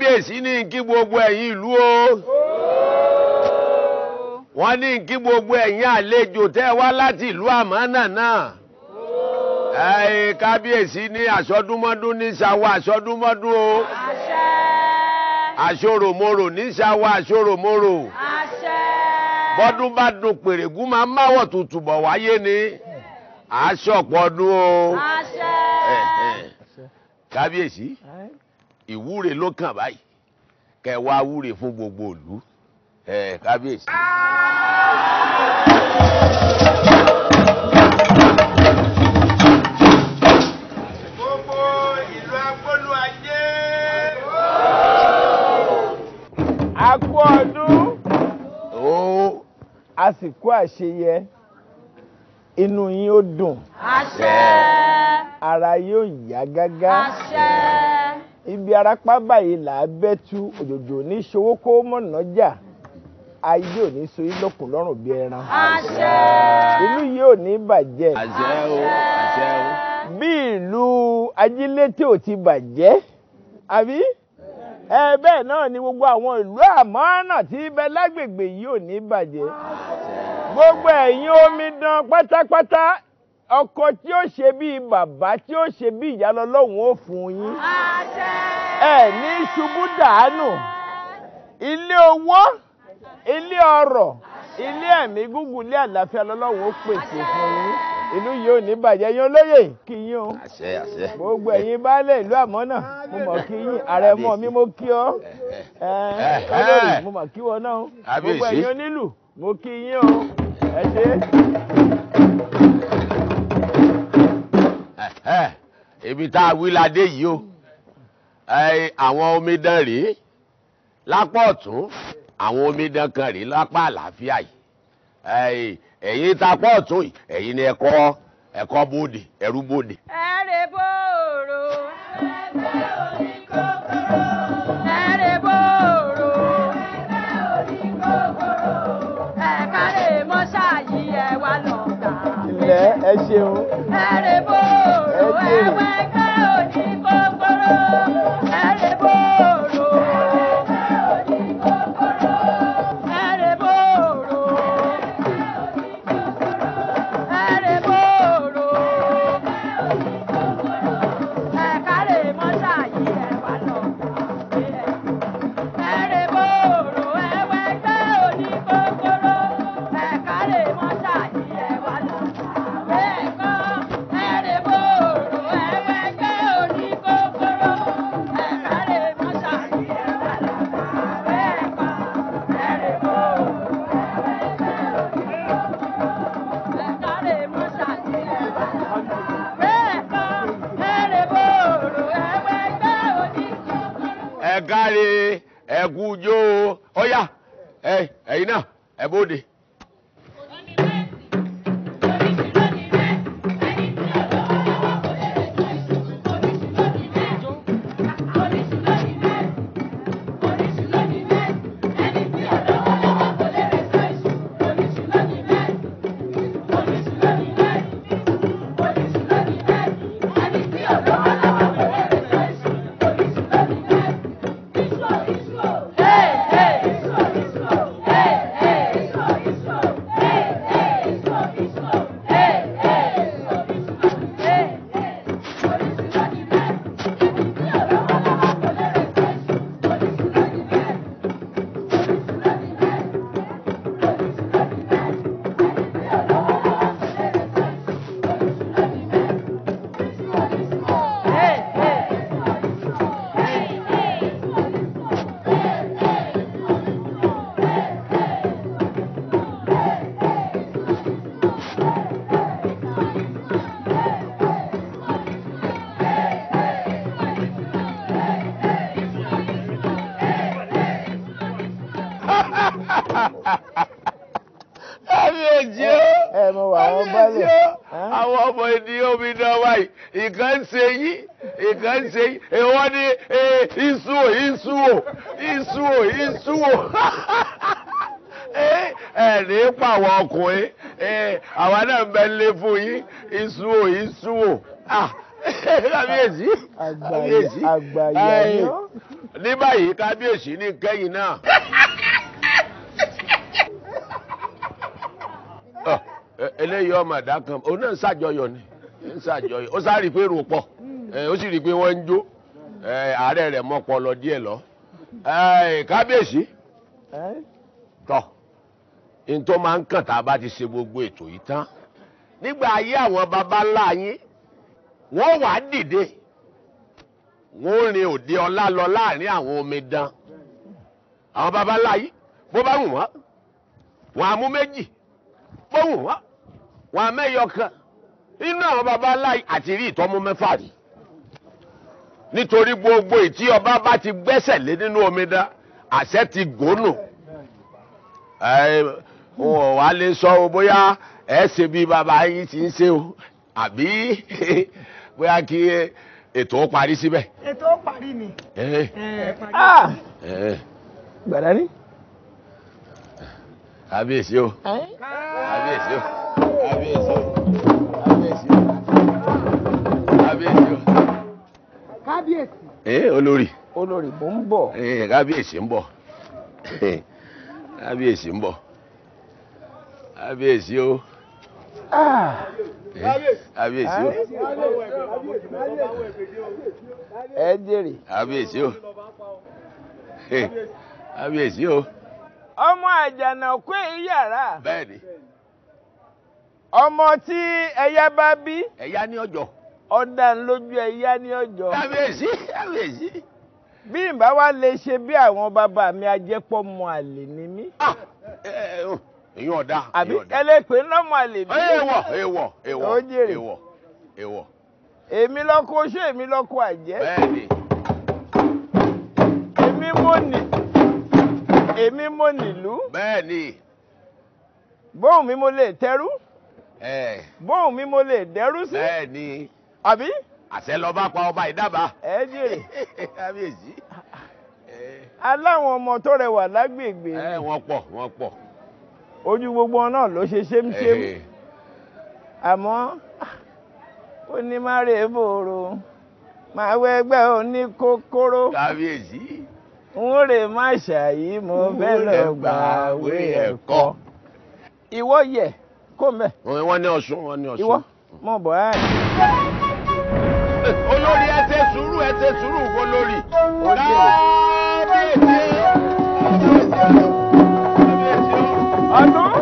kábíyèsí ní kí gbogbo ẹ̀yin ìlú o wọ́n ní kí gbogbo ẹ̀yin àlejò tẹ́ wá láti ìlú àmọ́nà náà ẹ̀yin kábíyèsí ní àsọdúnmọ́dún ní ṣàwọ̀ àsọdúnmọ́dún o àṣòròmorò ní ṣàwọ̀ àṣòròmorò bọ́dún bá dùn pèrègún máa ń máwọ̀ tutù bọ̀ wáyé ni àṣọ̀pọ̀ ọdún o kábíyèsí. ìwúre ló kàn báyìí kẹ wá wúre fún gbogbo ìlú ẹ kábíyèsí. gbogbo a kú ọdún. a sì kú àṣeyẹ inú yín ó dùn. àṣẹ. ara yóò yá gágá. àṣẹ ibi arapa báyìí là á bẹ́ òjòjò ní ṣòwò kó mọ̀nà jà ayé ò ní so ilókun lọ́rùn bí ẹran. ìlú yìí ò ní bàjẹ́. bí ìlú ajílété ò ti bàjẹ́ àbí ẹ bẹ́ẹ̀ náà ni gbogbo àwọn ìlú àmọ́nà tí ibẹ̀ lágbègbè yìí ò ní bàjẹ́. gbogbo ẹ̀yin omidan pátápátá ọkọ tí ó ṣe bíi bàbá tí ó ṣe bíi ìyá lọ́lọ́run ó fún yín ẹ ní ṣubú dàánù ilé owó ilé ọrọ̀ ilé ẹ̀mí gúngùn ilé àlàáfíà lọ́lọ́run ó pèsè fún yín ìlú yìí ò ní bàjẹ́ yín olóyè kí yín o gbogbo ẹ̀yin baálé ìlú àmọ́nà mo mọ̀ kí yín àrẹ̀mọ mi mo kí ọ olórí mo mọ̀ kí wọn náà gbogbo ẹ̀yin onílù mo kí yín o ẹ ṣé ibi tá a wí ládé yìí o àwọn omidan rèé lápá ọ̀tún àwọn omidan kan rèé lápá àlàáfíà yìí ẹ̀yin tapá ọ̀tún yìí ẹ̀yin ni ẹ̀kọ́ ẹ̀kọ́ bòde ẹ̀rú bòde. ẹ̀rẹ̀ bòde. ẹ ṣeun. ẹ̀rẹ̀ bòrò ẹ̀wẹ̀ ká òní kòkòrò. mi ò jí ó omi ò jí ó àwọn ọmọ mi náà wáyé ìkan ń ṣe yí ìkan ń ṣe yí èèwọ̀ ni e, isu o isu o isu o isu o eh, ẹ̀rí pàwọ̀ ọkùnrin eh, àwa náà ń bẹ lé fún yín isu o isu o ah, kábíyèsí kábíyèsí ní báyìí kábíyèsí ní kẹ́yìn náà. eléyìí ọmọ ẹ̀dá kan òun náà ń ṣàjọyọ̀ ni ń ṣàjọyọ̀ ó sáré pé rò pọ̀ ó sì rí i pé wọ́n ń jó ààrẹ rẹ̀ mọ́ pọlọ díẹ̀ lọ. kábíyèsí tọ̀ ní tó máa ń kàn tá a bá ti ṣe gbogbo ètò yìí tán nígbà ayé àwọn baba ńlá yín wọ́n wàá dìde wọ́n rin òde ọlá lọ láàrin àwọn omidan àwọn baba ńlá yìí bó bá wù wọ́n wọ́n á mú méjì pọ́wù wọn wọn mẹ́yọ kan inú àwọn baba láì àti rí ìtọ́mú mẹ́fà rí nítorí gbogbo ìtí ọba bá ti gbẹ́sẹ̀ lé nínú dá àṣẹ ti gòónù wà á lè sọ o bóyá ẹ ṣe bí baba yín ti ń ṣe o àbí bóyá kí ètò ó parí síbẹ̀. ètò parí ni. Ah! gbàdá kábíyèsí o kábíyèsí o kábíyèsí o kábíyèsí o kábíyèsí o. kábíyèsí. ee olórí. olórí mò ń bọ̀. ee kábíyèsí ń bọ̀ kábíyèsí ń bọ̀ kábíyèsí o ah. kábíyèsí o ẹ jèrè kábíyèsí o kábíyèsí o ọmọ àjànàkú èyí yàrá. bẹ́ẹ̀ni. ọmọ tí ẹyá bá bí. ẹyá ní ọjọ́. ọ̀dà lójú ẹyá ní ọjọ́. kábíyèsí kábíyèsí. bí ìbá wa lè ṣe bí àwọn bàbá mi ajẹ́pọ̀ mọ àlè ni mí. èyí ah, ọ̀dà. àbí ẹlẹ́pẹ̀ lọ́mọ àlè mi. èèwọ̀ èèwọ̀ èèwọ̀ èèwọ̀ èèwọ̀. èmi lọ́kọ oṣù èmi lọ́kọ àjẹ́. bẹ́ẹ̀ni. èmi mo nì èmi mo nìlú. bẹ́ẹ̀ ni. bóun mi mo lè tẹrú. bóun mi mo lè dẹrú sí. bẹ́ẹ̀ ni. àbí. àṣẹ lọ bá pa ọba ìdábàá. ẹ jèrè. kábíyèsí. aláwọn ọmọ tó rẹwà lágbègbè. ẹ wọ́n pọ̀ wọ́n pọ̀. ojú gbogbo wọn náà ló ṣe ṣémṣém. àmọ́ ó ní má rèé bòrò màá wẹgbẹ́ òní kòkòrò. kábíyèsí n rè má ṣàyí mo fẹ́ lọ gbàwé ẹ̀kọ́. ìwọ yẹ kó mẹ. wọ́n ní ọ̀ṣun wọ́n ní ọ̀ṣun. ìwọ mo bọ̀ ẹ́. olórí ẹ ṣe sùúrù ẹ ṣe sùúrù kó lórí. kábíyèsí ọdún.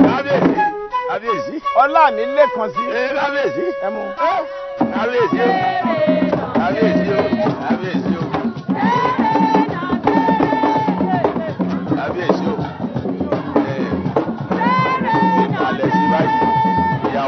kábíyèsí kábíyèsí. ọlá mi lẹ́kan sí. Eh, kábíyèsí. ẹ mú. kábíyèsí kábíyèsí.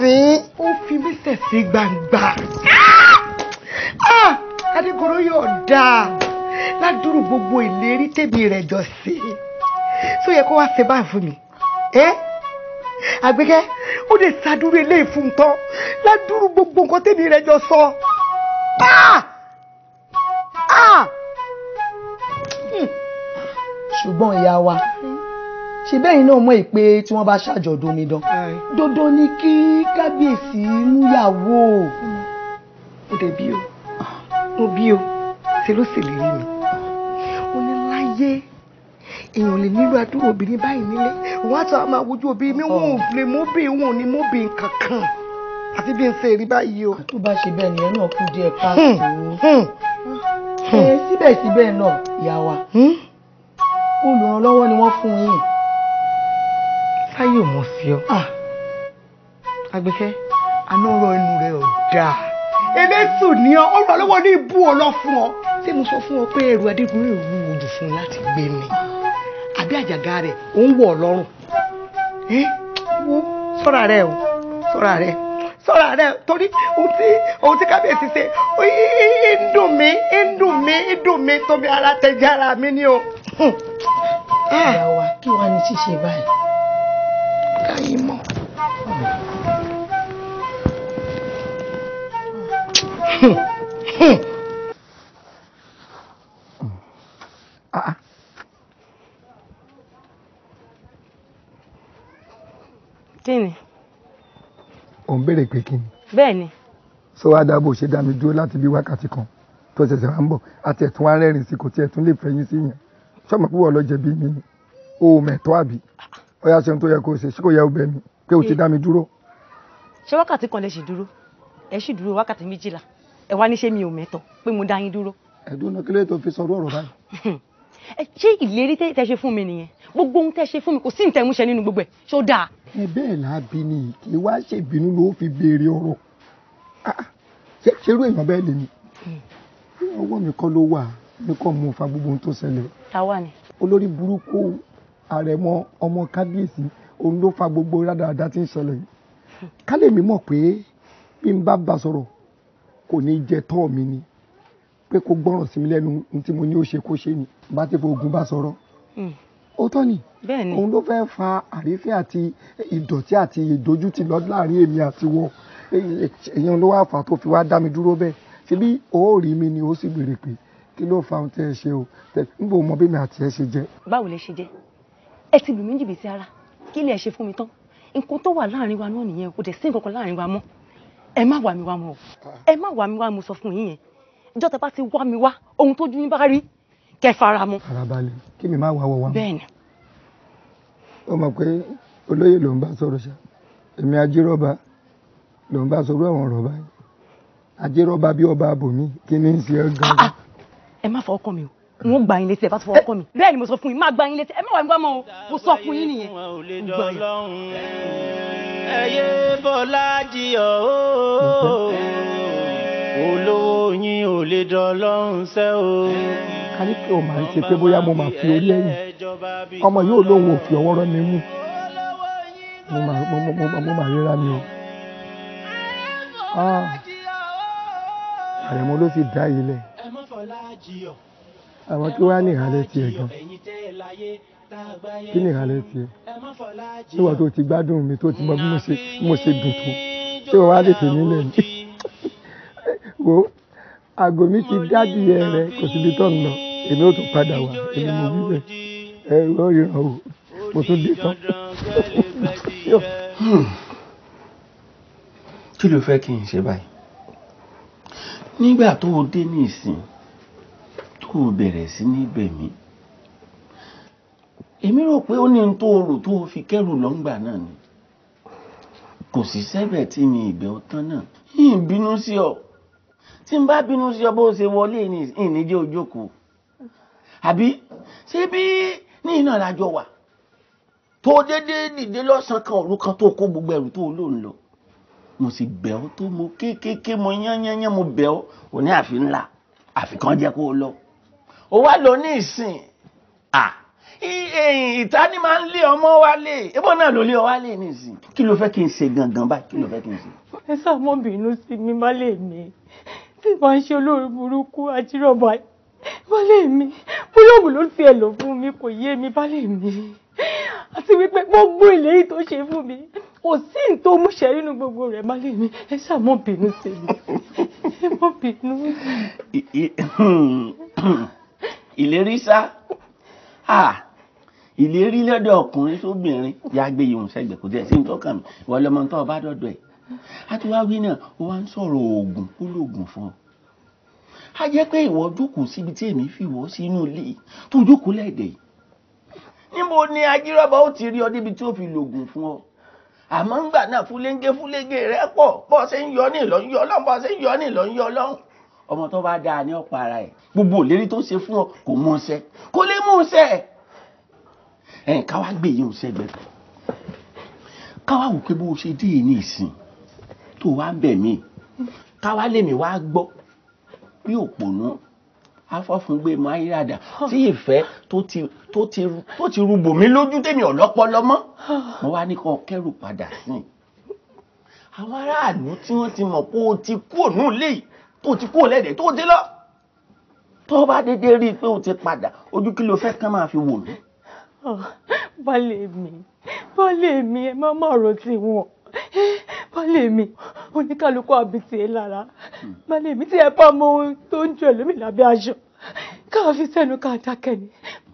sí. ó fi mí sẹ̀ sí gbangba. Ah! Ah! adékòrò yóò dáa ládùúrù gbogbo ìlérí tèmi rẹ̀ jọ sí i tó yẹ kó wá ṣe báyìí fún mi. àgbẹ̀kẹ́ ó lè ṣàdúró eléyìí fún un tán ládùúrù gbogbo nǹkan tèmi rẹ̀ jọ sọ. Ah! Hmm. ṣùgbọ́n ìyá wa. Mm ṣe bẹ́yìn náà mọ̀ pé tí wọ́n bá ṣàjọ̀dún omidan dandan ni kí kábíyèsí múyàwó. ó dẹ̀ bí o mo bí o ṣe ló sì lérí mi ó ní láyé èèyàn lè nílò àdúrà obìnrin báyìí nílé wọn á tàwọn máa wojú obìnrin mi wọn ò lè mọ́bìn wọn ò ní mọ́bìn kankan àti bí n ṣe rí báyìí o. tó bá ṣe bẹ́ẹ̀ nìyẹn náà kú díẹ̀ káàkiri hmm, hmm. eh, síbẹ̀síbẹ̀ náà ìyá wa hmm? olùrànlọ́wọ́ ni wọ́n fún yín káyé ò mọ̀ sí ọ. àgbẹ̀kẹ́ ah. àná ọ̀rọ̀ ẹnu rẹ̀ ò dáa. elétò ní ọ ọ̀rọ̀ lọ́wọ́ ní ibú ọ lọ fún ọ. ṣé mo sọ fún ọ pé ẹrù adégunrin ò wúwo jù fún un láti gbé mi àbí àjàgà rẹ̀ ò ń wọ̀ ọ lọ́rùn. wo sọ́ra rẹ o sọ́ra rẹ sọ́ra rẹ torí ohun tí kábíyèsí ṣe ń dùn mí ń dùn mí ń dùn mí tómi ara tẹ̀jẹ́ ara mi ni o. Hm. ẹ wá kí wàá ní ṣíṣe báyìí ara yín mọ́. kí ni. ò ń béèrè pé kí ni. bẹ́ẹ̀ ni. sọ wá dábò ṣe dá mi dúró láti bí wákàtí kan tó ṣẹ̀ṣẹ̀ wá ń bọ̀ àti ẹ̀tún wá rẹ́rìn sí kò tí ẹ̀tún lè fẹ̀yìn sí yẹn sọ́mọ̀ púpọ̀ lọ jẹ̀bi mi ni o ò mẹ̀tọ́ àbí ó yá ṣe ohun tó yẹ kó ṣe ṣé kò yẹ ọbẹ̀ mi pé o ti dá mi dúró. ṣé wákàtí kan lè ṣì dúró ẹ ṣì dúró wákàtí méjìlá ẹ wá ní ṣé mi ò mẹ́tọ̀ pé mo dá yín dúró. ẹ̀dùn kí lè tó fi sọ̀rọ̀ ọ̀rọ̀ báyìí. ṣé ìlérí tẹ́ ṣe fún mi nìyẹn gbogbo ohun tẹ́ ṣe fún mi kò sí ìtẹ̀múṣẹ nínú gbogbo ẹ̀ ṣé dáa. ẹ bẹ́ẹ̀ la bí ni kì í wá ṣèbínú ló fi béèrè ọ̀rọ̀ ah, ah, ṣé èèyàn bẹ́ẹ̀ lè mi hmm. ọwọ́ mi kọ́ ló wà mi kọ́ mo fa gbogbo ohun tó ṣẹlẹ̀. táwa ni. olórí burúkú àrẹ̀mọ ọmọ kábíyèsí òun ló fa gbogbo rádaràda tí ń ṣẹlẹ̀ yìí ká lè mímọ̀ pé bí n bá bá sọ̀rọ̀ kò ní jẹ tọ́ mi ni pé kó gbọ́ràn sí mi lẹ́nu tí mo ní ó ṣe kó ṣe ni bá ti fògùn bá sọ̀rọ̀ hmm. ó tọ́ ni òun ló fẹ́ fa àrífín àti ìdọ̀tí àti ìdójútì lọ láàrin èmi àti wọ èèyàn ló wá fà tó fi wá dá mi dúró bẹ́ẹ̀ ṣebí òórì mi ni ó sì béèrè pé kí ló fa ohun tẹ́ ẹ ṣe o n mọ bí mi àti ẹ ṣe jẹ. báwo lè ṣe jẹ ẹ ti lù mí jìbìtì ara kí lè ṣe fún mi tán nǹkan tó wà láàrin wa náà nìyẹn kò dẹ̀ sí nǹkan kan láàrin wa mọ́ ẹ má wà mí wá mọ́ ẹ má wà mí wá mo sọ fún yín yẹn ìjọ tẹ bá ti wá mi wá ohun tójú yín bá rí kẹ fara mọ́. farabalẹ̀ kí mi má wá wọ wá mọ́. bẹ́ẹ̀ni. ó mọ̀ pé olóyè ló ń bá sọ̀rọ̀ ṣá èmi ajírọ́ba ló ń bá sọ̀rọ̀ àwọn ọ̀rọ̀ báyìí ajírọ́ba bí ọba abòmí kí ni ń ṣe ẹ gan ah, ah. ẹ má fọ ọkọ mi o n ó gbà yín létí ẹ bá ti fọwọ́ kọ́ mi bẹ́ẹ̀ ni mo sọ fún yín má gbà yín létí ẹ má wà nígbà mọ́ o mo sọ fún yín nìyẹn ẹyẹ bọlá di ọ olówó yín ò lè dọlọ́run sẹ́ o. ká kí o máa ń ṣe pé bóyá mo máa fi orí ẹ̀yìn ọmọ yóò lóun ò fi ọwọ́ rọ́ mi mú mo máa ríra mi o. Ah. àrẹ̀mọ ló fi dá ilẹ̀. ẹ má fọlá jí àwọn kí wàá ní ìhàlẹ̀ tiẹ̀ gan kí ní ìhàlẹ̀ tiẹ̀ níwọ̀n tó ti gbádùn mi tó ti mọ bí mo ṣe dùn tó ṣé wọ́n wá lè tè mí lẹ́nu wo àgọ́ mi ti dájú yẹn rẹ kò síbi tó ń lọ èmi ò tún padà wá èmi mo wí bẹ́ẹ̀ ẹ̀rọ ìràn o mo tún dé tán. kí ló fẹ́ kí n ṣe báyìí nígbà tó o dé ní ìsìn school bẹ̀rẹ̀ sí ní bẹ̀mí èmi rò pé ó ní n tó rò tó fi kẹ́rù lọ́ngbà náà ni kò sì sẹ́bẹ̀ tí mi ìbẹ̀ ọtán náà yìí bínú sí ọ tí n bá bínú sí ọ bó ṣe wọlé ìníjẹ́ ojókòó àbí ṣé bí ní iná lájọ wà tó dédé dìde lọ́sàn-án kan òru kan tó kó gbogbo ẹrù tó lò lọ mo sì bẹ̀ ọ́ tó mo kéékèèké mo yán yán yán mo bẹ̀ ọ́ òní àfi ńlá àfi jẹ́ kó lọ ó wá lọ ní ìsìn ìtaní máa ń lé ọmọ wálé ébò náà ló lé ọ wálé ní ìsìn kí ló fẹ́ kí n ṣe gangan báyìí kí ló fẹ́ kí n ṣe. ẹ sàmọ́ bínú sí mi má lè mi tí màá ṣe olórí burúkú àti rọ̀bà wálé mi bólóògù ló tiẹ̀ lò fún mi kò yé mi bá lè mi àti wípé gbogbo ìlérí tó ṣe fún mi kò sí ní tó múṣẹ nínú gbogbo rẹ̀ má lè mi ẹ ṣàmọ bínú sí mi ẹ mọ bínú. ìlérí sá ìlérí lọ́dọ̀ ọkùnrin sóbìnrin yá gbé yòówù sẹ́gbẹ̀ kò tẹ̀ sí ní tọ́kàn mi ìwọ lọmọ tó o bá dọ̀dọ̀ ẹ̀ àtiwáwí náà ó wá ń sọ̀rọ̀ oògùn ó lóògùn fún ọ. a jẹ́ pé ìwọ jókòó síbi tí èmi fi wọ́ sínú ilé tó jókòó lẹ́ẹ̀dẹ̀ yìí. níbo ni ajírọ́bà ó ti rí ọ débi tí ó fi lògùn fún ọ. àmọ́ ńgbà náà fúlẹ́ńgé fúlẹ́ńgé rẹ pọ̀ bọ́ọ̀ ṣe ń yọ ní ìlọ́ ń yọ ọlọ́run bọ́ọ̀ ṣe ń yọ ní ìlọ́ ń yọ ọlọ́run ọmọ tó bá dáa ní ọ̀pọ̀ ara ẹ̀ gbogbo òlérí tó ṣe fún ọ kò mú ọsẹ kò lè mú ọsẹ ẹ káwá gbé yìí ọsẹ gbẹgbẹ káwá wò pé bó o ṣe díì ní ìsìn tó wá bẹ̀ mí káwá lèmi wá gbọ́ bí òpònú afọ́fúngbé máyírádà tí ìfẹ́ tó ti rúbò mí lójú tèmi ọ̀lọ́pọlọ mọ́ mo wá ní kó kẹ́rù padà sí i àwọn aráàlú tí wọ́n ti mọ̀ pé o ti kú òun léyìí tó ti kúrò lẹ́dẹ̀ẹ́ tó dé lọ tó bá dédé rí i pé o ti padà ojú kí ló fẹ́ kán máa fi wò mí. Oh, baálé mi baálé mi ẹ má má ọ̀rọ̀ tí wọ́n eh, mi oníkálukú àbìtì ẹ lára hmm. baálé mi tí ẹ bá mọ ohun tó ń jọ ẹlòmíì lábẹ́ aṣọ káà fi sẹ́nu ká dákẹ́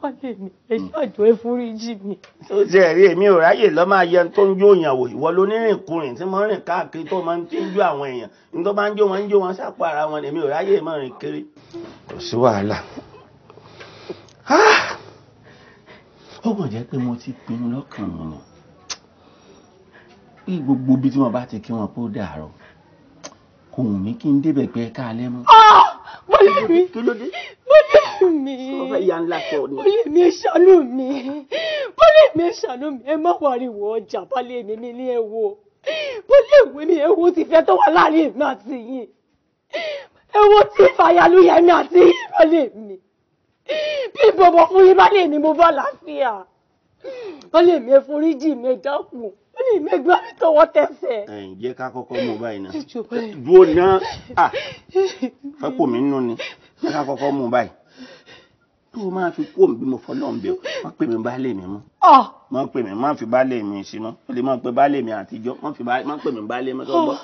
wálé mi ẹ hmm. ṣáàjọ ẹ foríjì mi. ó ṣe ẹ̀rí èmi ò ráyè lọ́ máa yẹ tó ń jó yàn wò ìwọ ló ní rìnkùnrin tí mo ń rìn káàkiri tó máa ń tí ń jó àwọn èèyàn ní tó máa ń jó wọn ń jó wọn sápò ara wọn èmi ò ráyè mọ́ rìn kiri. kò sí wàhálà ó kàn jẹ́ pé mo ti pinnu lọ́kàn mi ni kí gbogbo ibi tí wọ́n bá ti kí wọn kó dàrọ̀ kò wù mí kí n débẹ̀ pé ká lẹ́mú. Ah! bọ́lẹ̀ mi bọ́lẹ̀ mi bọ́lẹ̀ mi ẹ ṣàánú mi bọ́lẹ̀ mi ẹ ṣàánú mi ẹ má wariwo ọjà bọ́lẹ̀ mi mi ní ẹ wo bọ́lẹ̀ ìwé mi ẹ wo ti fẹ́ tó wà láàrin èmi àti yín ẹ wo ti fàyàlúyà èmi àti yín bọ́lẹ̀ mi bí bọ̀bọ̀ fún yín bọ́lẹ̀ mi mo bọ́ láfíà bọ́lẹ̀ mi ẹ foríjì mi ẹ dákun ìmẹ̀gbà mi tọwọ́ tẹsẹ̀. ẹ ǹjẹ́ ká kọ́kọ́ mú báyìí náà dúró náà à fẹ́ kò mí nù ni ká kọ́kọ́ mú báyìí tó o máa fi kó mi bí mo fọlọ́ ń bẹ̀ ọ́ má pè mí baálé mi mọ́ má pè mí má fi baálé mi sínú ó lè má pè baálé mi àtijọ́ má pè mí baálé mi tó gbọ́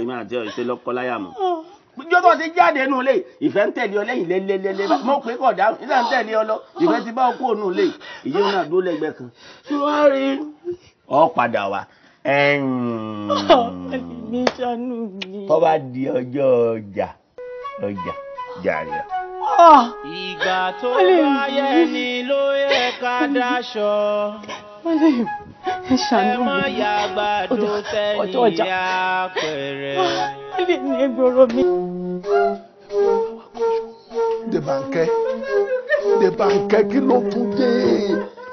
èmi àti ọ̀ṣẹ́ lọ́kọ́ láyà mọ́ jọ́tọ̀ ti jáde nù lé ìfẹ́ ń tẹ̀lé ọ lẹ́yìn lélẹ́lẹ́lẹ́ mọ̀ pé kọ̀ dáhùn ìfẹ́ ń tẹ̀lé ọ lọ ìfẹ́ ti bá ọ kó nù lé ìyẹn náà dúró lẹ́gbẹ̀ẹ́ kan. tí wọ́n rí i ọ padà wá tó bá di ọjọ́ ọjà ọjà jàre. Ah. ìgbà tó bá yẹ ni ló yẹ ká dáṣọ ẹ ṣàánú mi ọjọ́ ọjà ah, lè ní egboro mi. Dèbànkẹ́ Dèbànkẹ́ kí ló tún dé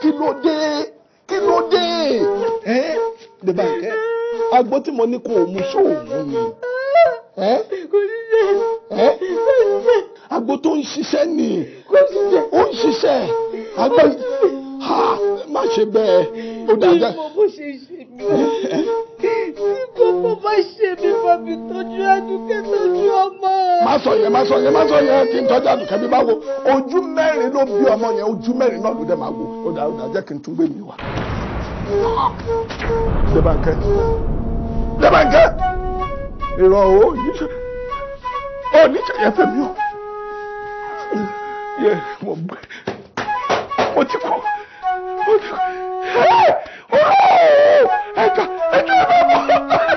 kí ló dé kí ló dé. Dèbànkẹ́ agbó tí mo ní kó o mu ṣó o mú mi. Kò ṣiṣẹ́. Agbó tó ń ṣiṣẹ́ nì. Kò ṣiṣẹ́. Ó ń ṣiṣẹ́. ha má ṣe bẹ́ẹ̀. Ó dájá. Mi ò mọ bó ṣe ṣe mí. Tí gbogbo bá ṣe mí bá mi tọ́jú Adúkẹ́ tọ́jú ọmọ. Má sọ yẹn, má sọ yẹn, má sọ yẹn kí n tọ́jú Adúkẹ́ bí bá wo. Ojú mẹ́rin ló bí ọmọ yẹn, ojú mẹ́rin náà ló dẹ̀ wo. Ó dáa, ó dáa, jẹ́ kí n tún gbé mi wá. Débànkẹ́ Débànkẹ́ ìrọ̀ o níṣẹ́ o níṣẹ́ yẹn fẹ́ mi o yẹ mo gbẹ mo ti kú mo ti kú ẹ ọ̀rọ̀ ẹ̀jọ̀ ẹ̀jọ̀ ẹ̀ bá bọ̀.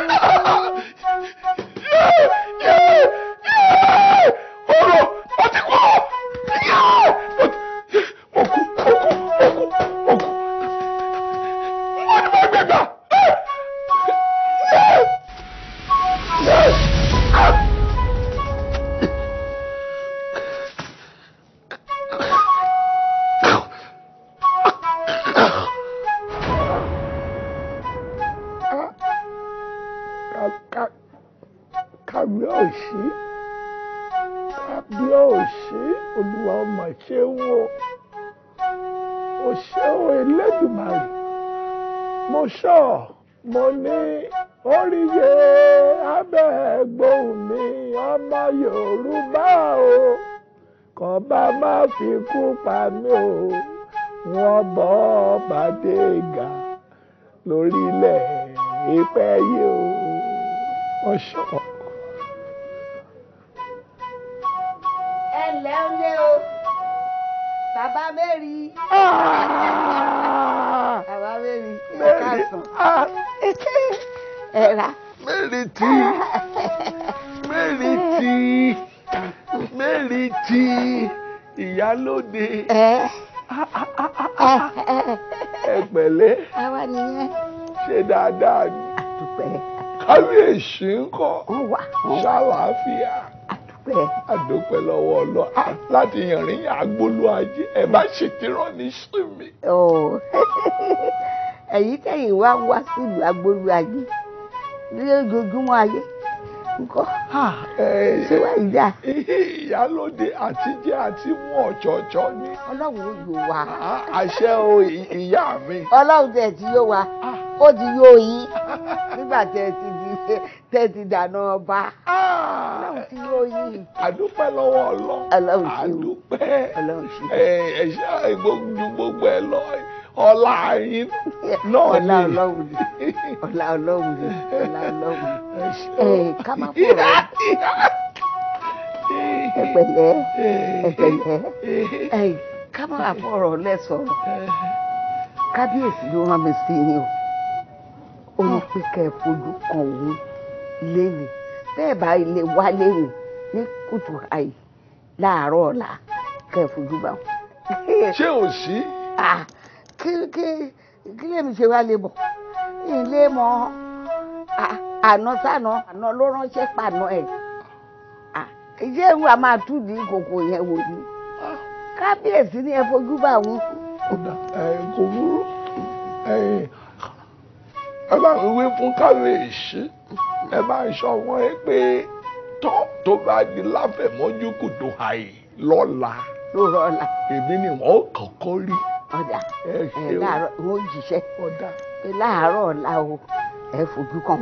kábíyèsí ń kọ́ ṣàlàáfíà àdópẹ́ lọ́wọ́ ọlọ́ ah, láti yànrin àgbólú ajé ẹ bá ṣètìrán ní sinmi. ẹ̀yin tẹ̀yìn wá wá sílùú àgbólú ajé lójoojúmọ́ ayé nǹkan ṣé wàá yìí dà. ìyálóde àtijẹ́ àti mú ọ̀jọ̀jọ̀ ni. ọlọ́run yóò wá. Ah, àṣẹ o ìyá mi. ọlọ́run tẹ̀ ti yóò wá ah. ó ti yóò yín nígbà tẹ̀ ti tẹ́tí dáná ọba ọlọ́run tí yóò yí. àdúpẹ́ lọ́wọ́ ọlọ́ àdúpẹ́ ẹ̀ṣẹ́ gbogbo ẹ̀ lọ ọlá yín náà ni. ọlá ọlọ́run ni ọlá ọlọ́run ni ọlá ọlọ́run ni ká má fọ̀rọ̀ ẹ̀pẹ̀lẹ́ ẹ̀pẹ̀lẹ́ ká má fọ̀rọ̀ lẹ́sọ̀rọ̀ kábíyèsí ló rán mi sí yín o ó ní pé kẹ́ ẹ fojú kan òun léni bẹ́ẹ̀ bá ilé wá léni ní kùtù àyè láàárọ̀ ọ̀la kẹ́ ẹ fojú bá wọn. ṣé ò sí. kí kí kí lèmi ṣe wá lè bọ̀ ilé mọ́ àná sànà àná ló ránṣẹ́ pàná ẹ̀ ìṣe ń wà máa tú di kòkò yẹn wò ni kábíyèsí ni ẹ fojú bá wọn. kò burú ẹ bá mi wí fún kábíyèsí ẹ bá ń sọ wọn ẹ pé tọ́ tó bá di láfẹ̀mọ́jú kùtù àì lọ́la lọ́la èmi ni wọ́n kọ́kọ́ rí. ọ̀dà ẹ láàárọ̀ wọ́n jíṣẹ́ ọ̀dà ẹ láàárọ̀ ọ̀la o ẹ fojú kàn.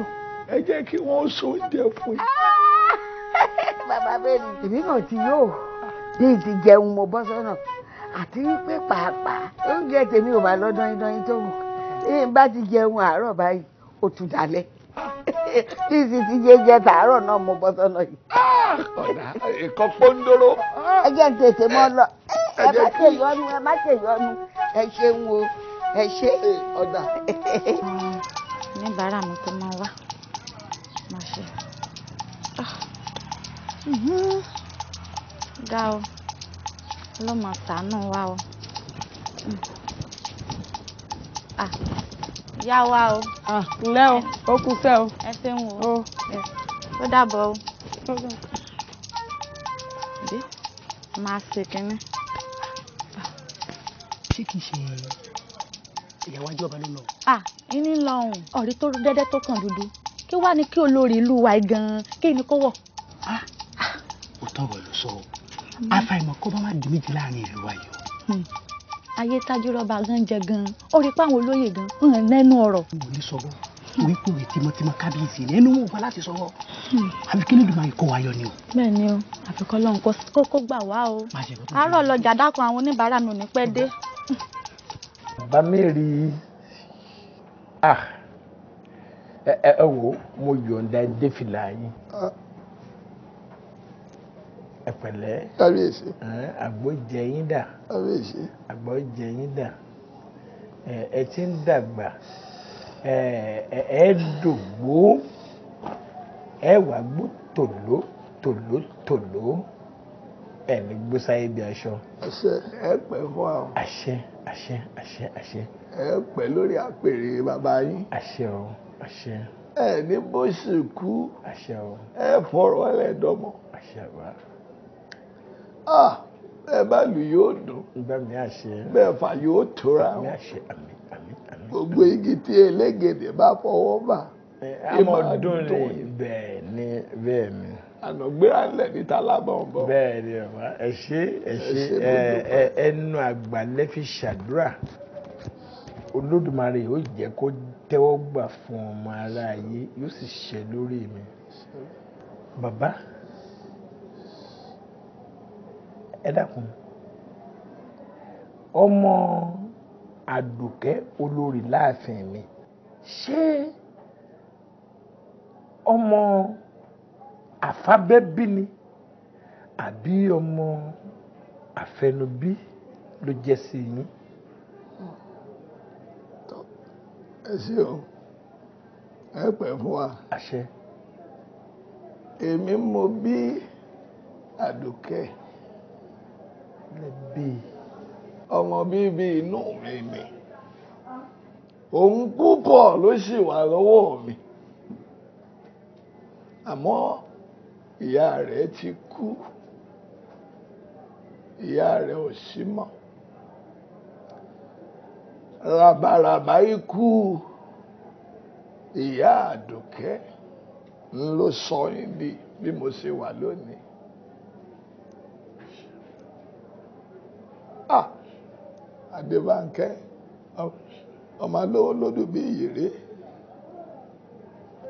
ẹ jẹ́ kí wọ́n so oúnjẹ fún yín. bàbá bẹ́ẹ̀ni èmi náà ti yóò bí ti jẹun mo bọ́ sọ́nà àti wípé pàápàá oúnjẹ tèmi ò bá lọ́dọ́ idán tó wù. tí n bá ti jẹun àárọ̀ báyìí ó tún dalẹ̀ tí n sì ti jẹ jẹ tàárọ̀ náà mo bọ́ sọ́nà yìí. ọ̀dà pọ́ńdóró. ẹ jẹ́ n tètè mọ́ lọ ẹ má ṣe yọnu ẹ má ṣe yọnu ẹ ẹ ṣe ọ̀dà. mi tó máa wá ṣe ah. mhm. ga o ló Ah, yá wa o. Ah, ǹlẹ́ o ó kú sẹ́ o. ẹ ṣeun o ó dàbọ̀ o. máa ṣe kínní. ṣé kìí ṣe ìyàwó ajé ọba ló lọ. à ah, ní lọ́hùn ọ̀rí tó dẹ́dẹ́ tó kàn dúdú kí wàá ní kí olórí ìlú wa gan-an kí ni kó wọ̀. ó tọrọ ló sọ hmm. àfàìmọ̀ kó bá má di méjì láàrin ìlú wa yìí ayé tájú rọba gan jẹ gan ó rí pé olóyè gan ń nẹnu ọ̀rọ̀. mo ní sọ̀rọ̀ orí kò rí tímọ́tímọ́ kábíyèsí ní ẹnu wọn wá láti sọ̀rọ̀ hmm. àfi kí lóògùn máa kó wa yọ ni o. bẹ́ẹ̀ni o àfikún Ọlọ́run kó kó gbà wá o àárọ̀ lọjà dákun àwọn oníbàárà mi ò ní pẹ́ dé. bàbá mary ah ẹ ẹ wo mo yọ̀ǹda dé fìlà yín ẹ̀pẹ̀lẹ́ kábíyèsí àgbo jẹ yín dà kábíyèsí àgbo jẹ yín dà ẹ ti ń dàgbà ẹ ẹ dògbó ẹ wà gbó tòló tòló tòló ẹ ní gbó sáyé bí aṣọ. àṣẹ ẹ pẹ́ fún àwọn. àṣẹ àṣẹ àṣẹ àṣẹ. ẹ pẹ́ lórí àpèrè bàbá yín. àṣẹ o àṣẹ ẹ ní bó sì kú ẹ fọ̀rọ̀ ẹlẹdọmọ ah bẹ́ẹ̀ bá lù yóò dùn bẹ́ẹ̀ fà yóò tóra wọn gbogbo igi tí elégédé bá fọwọ́ bà amọ̀dún rẹ̀ bẹ́ẹ̀ ni bẹ́ẹ̀ ni. àná gbéra ńlẹ̀ níta lábọ̀ ń bọ̀. bẹ́ẹ̀ ni ọ̀ma ẹ ṣe ẹ ṣe ẹnu àgbàlẹ́ fi ṣàdúrà olódùmarè yóò jẹ́ kó tẹ́wọ́ gbà fún ọmọ aráyé yóò sì ṣẹ lórí mi bàbá. ẹ dákun ọmọ àdùkẹ́ olórí láàfin mi ṣé ọmọ àfábẹ́bí ni àbí ọmọ àfẹnubí ló jẹ́ sí yín. ẹ ṣé o ẹ pẹ́ fún wa. àṣẹ. èmi mo bí àdùkẹ́ lẹ́bí ọmọ bíbí inú mi ni òun púpọ̀ ló sì wà lọ́wọ́ mi àmọ́ ìyá rẹ̀ ti kú ìyá rẹ̀ ò sí mọ́ ràbàràbà ikú ìyá àdùkẹ́ ló sọ yín bí bí mo ṣe wà lónìí ah Adébánkẹ́ ọmọ alówó lódù bí ìyèrè